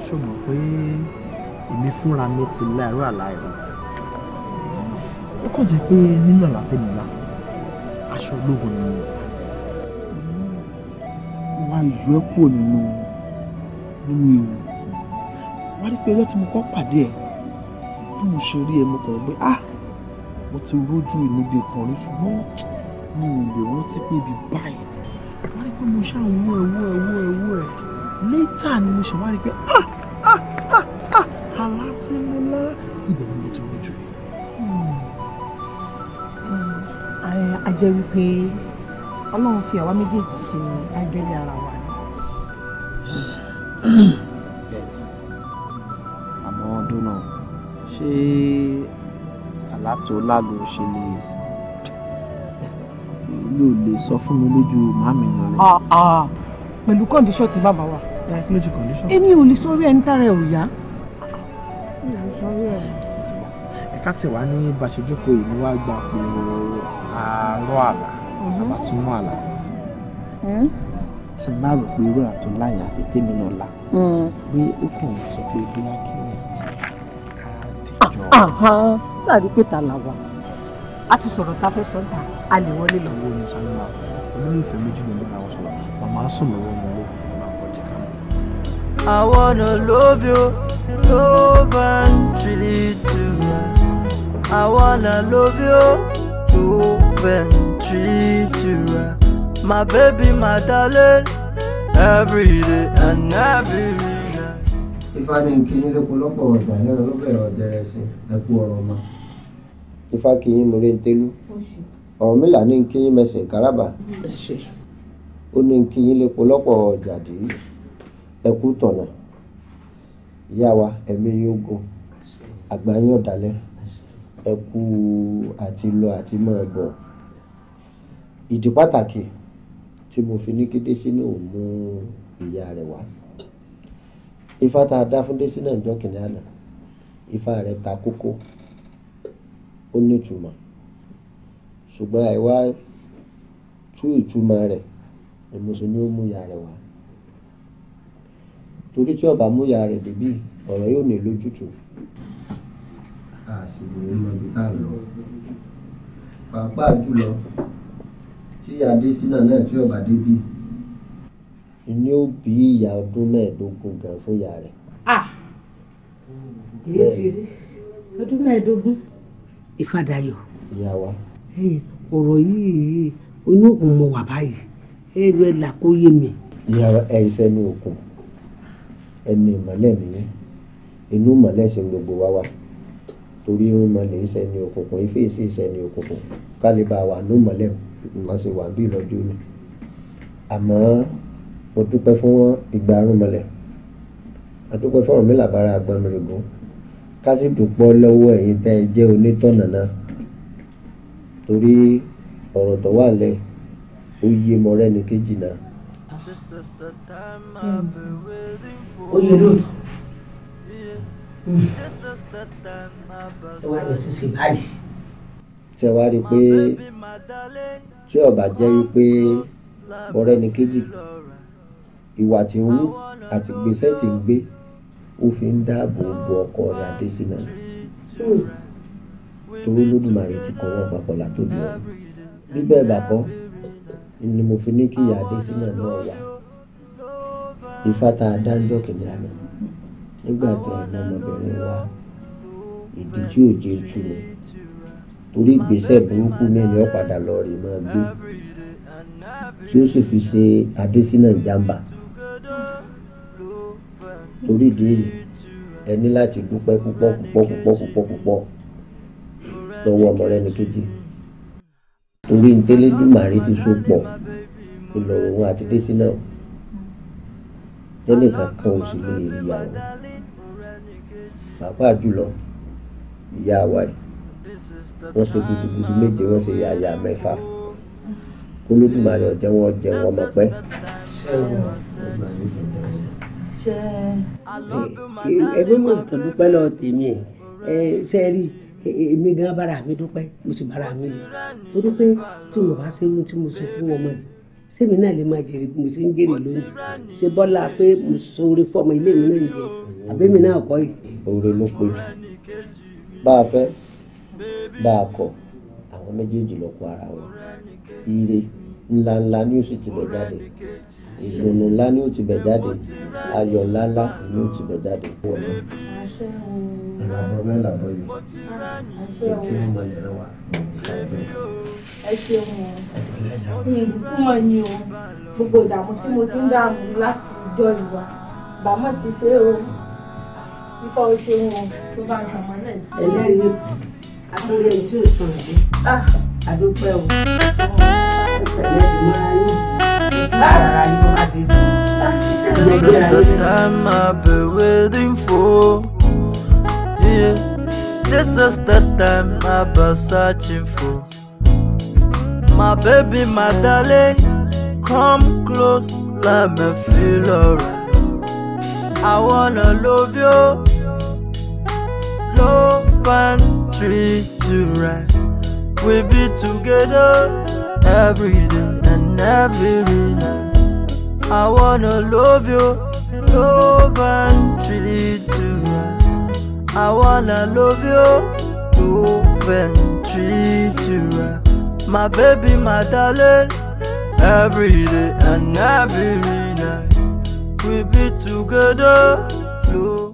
ṣó mọ̀ pé èmi fúnra mi ti láìrú àlá ó kàn jẹ́ pé nínú àlá aṣọ ológun ni wá yọ ẹ́ kúrò nínú nínú ewu wá rí pé ọjọ́ tí mo kọ́ pàdé ẹ̀ bí mo ṣe rí ẹ mo kàn gbé ah mo ti rójú níbi kan rí ṣùgbọ́n mi ò lè rántí pé ibi báyìí wá rí pé mo ṣáà wú ẹ wú ẹ wú ẹ létà ni mo ṣe wá rí pé ah. jẹ́ wípé ọlọ́run fi àwa méjèèjì ṣe ángẹ́lì ara wa ni. àmọ́ ọdún náà ṣé àlàtò lálo ṣe lè ló lè sọ fún mi lójú màmí mi rẹ. pẹ̀lú kọ́ndíṣọ́ tí bàbá wa. lójú kọ́ndíṣọ́. èmi ò lè sọrí ẹni tára ẹ ò yá. mi ò sọrí ẹ. ẹ̀ka tẹ̀wá ní bàṣẹ́jọ́kọ̀ ìlú wa gba pé o rọ àlá mhm. àbá tún hmm? tí má rò pé irú àtò láyà tètè mi náà la pé hmm. ó kàn sọ pé bóyá kí ni ti ká dìjọ. láàrin pé ta la wà a ti sọ̀rọ̀ ta fẹ́ sọ́ńtà a lè wọlé lọ. owó ni sáré wa olólùfẹ́ méjì ló ń bá wọn sọ̀rọ̀ màmá sùn lọ́wọ́ mi ló máa ń kọjá ká mọ́. I wanna love you, love and treat you. I wanna love you, love. been treated right. My baby, my darling, every day and every night. Ifá ni kí yín lóko lọ́pọ̀ ọ̀dà ẹ̀rọ ló bẹ̀rẹ̀ ọ̀dẹ̀rẹ̀ sí ẹ̀kú ọ̀rọ̀ ọmọ. Ifá kí yín múre ń tẹ́lú. Ọ̀rọ̀ mìlá ní kí mẹsẹ̀ Ó ní ìdí pàtàkì tí mo fi ní kí Désínà ò mú ìyá rẹ̀ wá ifá tá a dá fún Désínà ìjọ kìnìún àná ifá rẹ̀ ta kókó ó nítumọ̀ ṣùgbọ́n àìwá tú ìtumọ̀ rẹ̀ ni mo ṣe ní ó mú ìyá rẹ̀ wá torí tí ọba mú ìyá rẹ̀ débí ọ̀rọ̀ yóò ní lójútùú a sì lè mọ ibi tá a lọ pàápàá jùlọ tí adésínà náà tí ọba débi ni ó bí ìyá ọdún mẹ́ẹ̀ẹ́dógún gan fún ìyá rẹ̀. èyí ti rí ọdún mẹ́ẹ̀ẹ́dógún. ìfàdàyọ̀. ìyá wa. ọ̀rọ̀ yìí inú òkun mo wà báyìí ẹ̀rù ẹ̀ là kó yé mi. ìyá ẹ iṣẹ́ ní òkun ẹnu ìmọ̀lẹ̀ mi ní inú ìmọ̀lẹ̀ ṣe gbogbo wa wa torí irun ìmọ̀lẹ̀ iṣẹ́ ní òkùnkùn ife ìṣe iṣẹ́ ní òkùnkùn kálíbà wà ní ìmọ̀lẹ̀ mi ìgbìmọ̀ ṣe wà bí lọ́jọ́ ni àmọ́ mo dúpẹ́ fún ìgbà arúnmọlẹ̀ àdúpẹ́ fọ́rọ̀ mi làbára àgbọnmìrìgún ká sì dúpọ́ lọ́wọ́ ẹ̀yin tẹ́ ẹ jẹ́ onítọ̀nà náà torí ọ̀rọ̀ tó wà lẹ̀ ó yé mọ́rẹ́ni kejì náà. ó yẹ lóòótọ́ hmm. wá lè sùn sí báyìí. ṣé wàá rí i pé tí ọba jẹ́ wípé ọ̀rẹ́ ni kejì ìwà tí ń wú àti gbèsè tí ń gbé ó fi ń dáàbò bo ọkọ rẹ̀ Adésínà torí lódùmarè ti kọ́ wọn papọ̀ látòdì ọ̀run bíbẹ̀ bàkọ́ ni mo fi ní kí ìyá Adésínà náà wà Ifá tá a dáńjọ́ kìnìún àná nígbà tó ọmọbìnrin wa ìdí tí ò jẹ́ ojú mi torí ìgbésẹ̀ burúkú mẹ́ni ó padà lọ rè máa gbé tí ó sì fi ṣe adésínà ìjàmbá torí ìdí èyí ẹ ní láti dúpẹ́ púpọ̀ púpọ̀ púpọ̀ púpọ̀ púpọ̀ lọ́wọ́ ọmọ rẹ ní kejì torí ntẹ́lẹ́dùmarè ti so pọ̀ ìlọ̀rọ̀ òun àti désínà tẹ́nìkan kan ò sì lè rí àwọn pàápàá jùlọ ìyá wa yìí wọ́n ṣe gudugudu méje wọ́n ṣe yàyà mẹ́fà kólódùmarè ọ̀jẹ̀ wọn jẹ́ wọn mọ̀ pẹ́. ẹgbẹ́ mọ̀ tó dúpẹ́ lọ tèmi ẹ̀ sẹ́ẹ̀rì èmi gan bára mi dúpẹ́ mo sì bára mi lọ mo dúpẹ́ tí mo bá ṣe ohun tí mo ṣe fún ọmọ yìí sẹ́mi náà lè máa jèrè mo ṣe ń jèrè lónìí ṣe bọ́lá pé mo sọ̀rọ̀ fọmọ ilé mi náà ń jẹ àbẹ́mi náà kọ́ yìí. oore ló pe bá a fẹ́ bá a kọ̀ àwọn méjèèjì lọ kó ara wọn ire ńláńlá ni ó sì ti bẹ̀ jáde ìdùnnú ńlá ni ó ti bẹ̀ jáde ayọ̀ ńláńlá ni ó ti bẹ̀ jáde pọ̀ náà. ìrànwọ́ bẹ́ẹ̀ làbọ̀ yìí ètò ìmọ̀ yẹn wà. ẹ ṣeun o ní ìbùkún ni o gbogbo ìdààmú tí mo ti ń dààmú láti ìjọ ìwà bàmọ́ ti ṣe o ìfọ̀ òṣèlú tó bá ń sàmọ́lẹ̀. Ah. This is the time I've been waiting for. Yeah. This is the time I've been searching for. My baby, my darling, come close, let me feel alright. I wanna love you, love. country to ride. We be together every day and every night. I wanna love you, love and treat you right. I wanna love you, love and treat you right. My baby, my darling, every day and every night. We be together, love.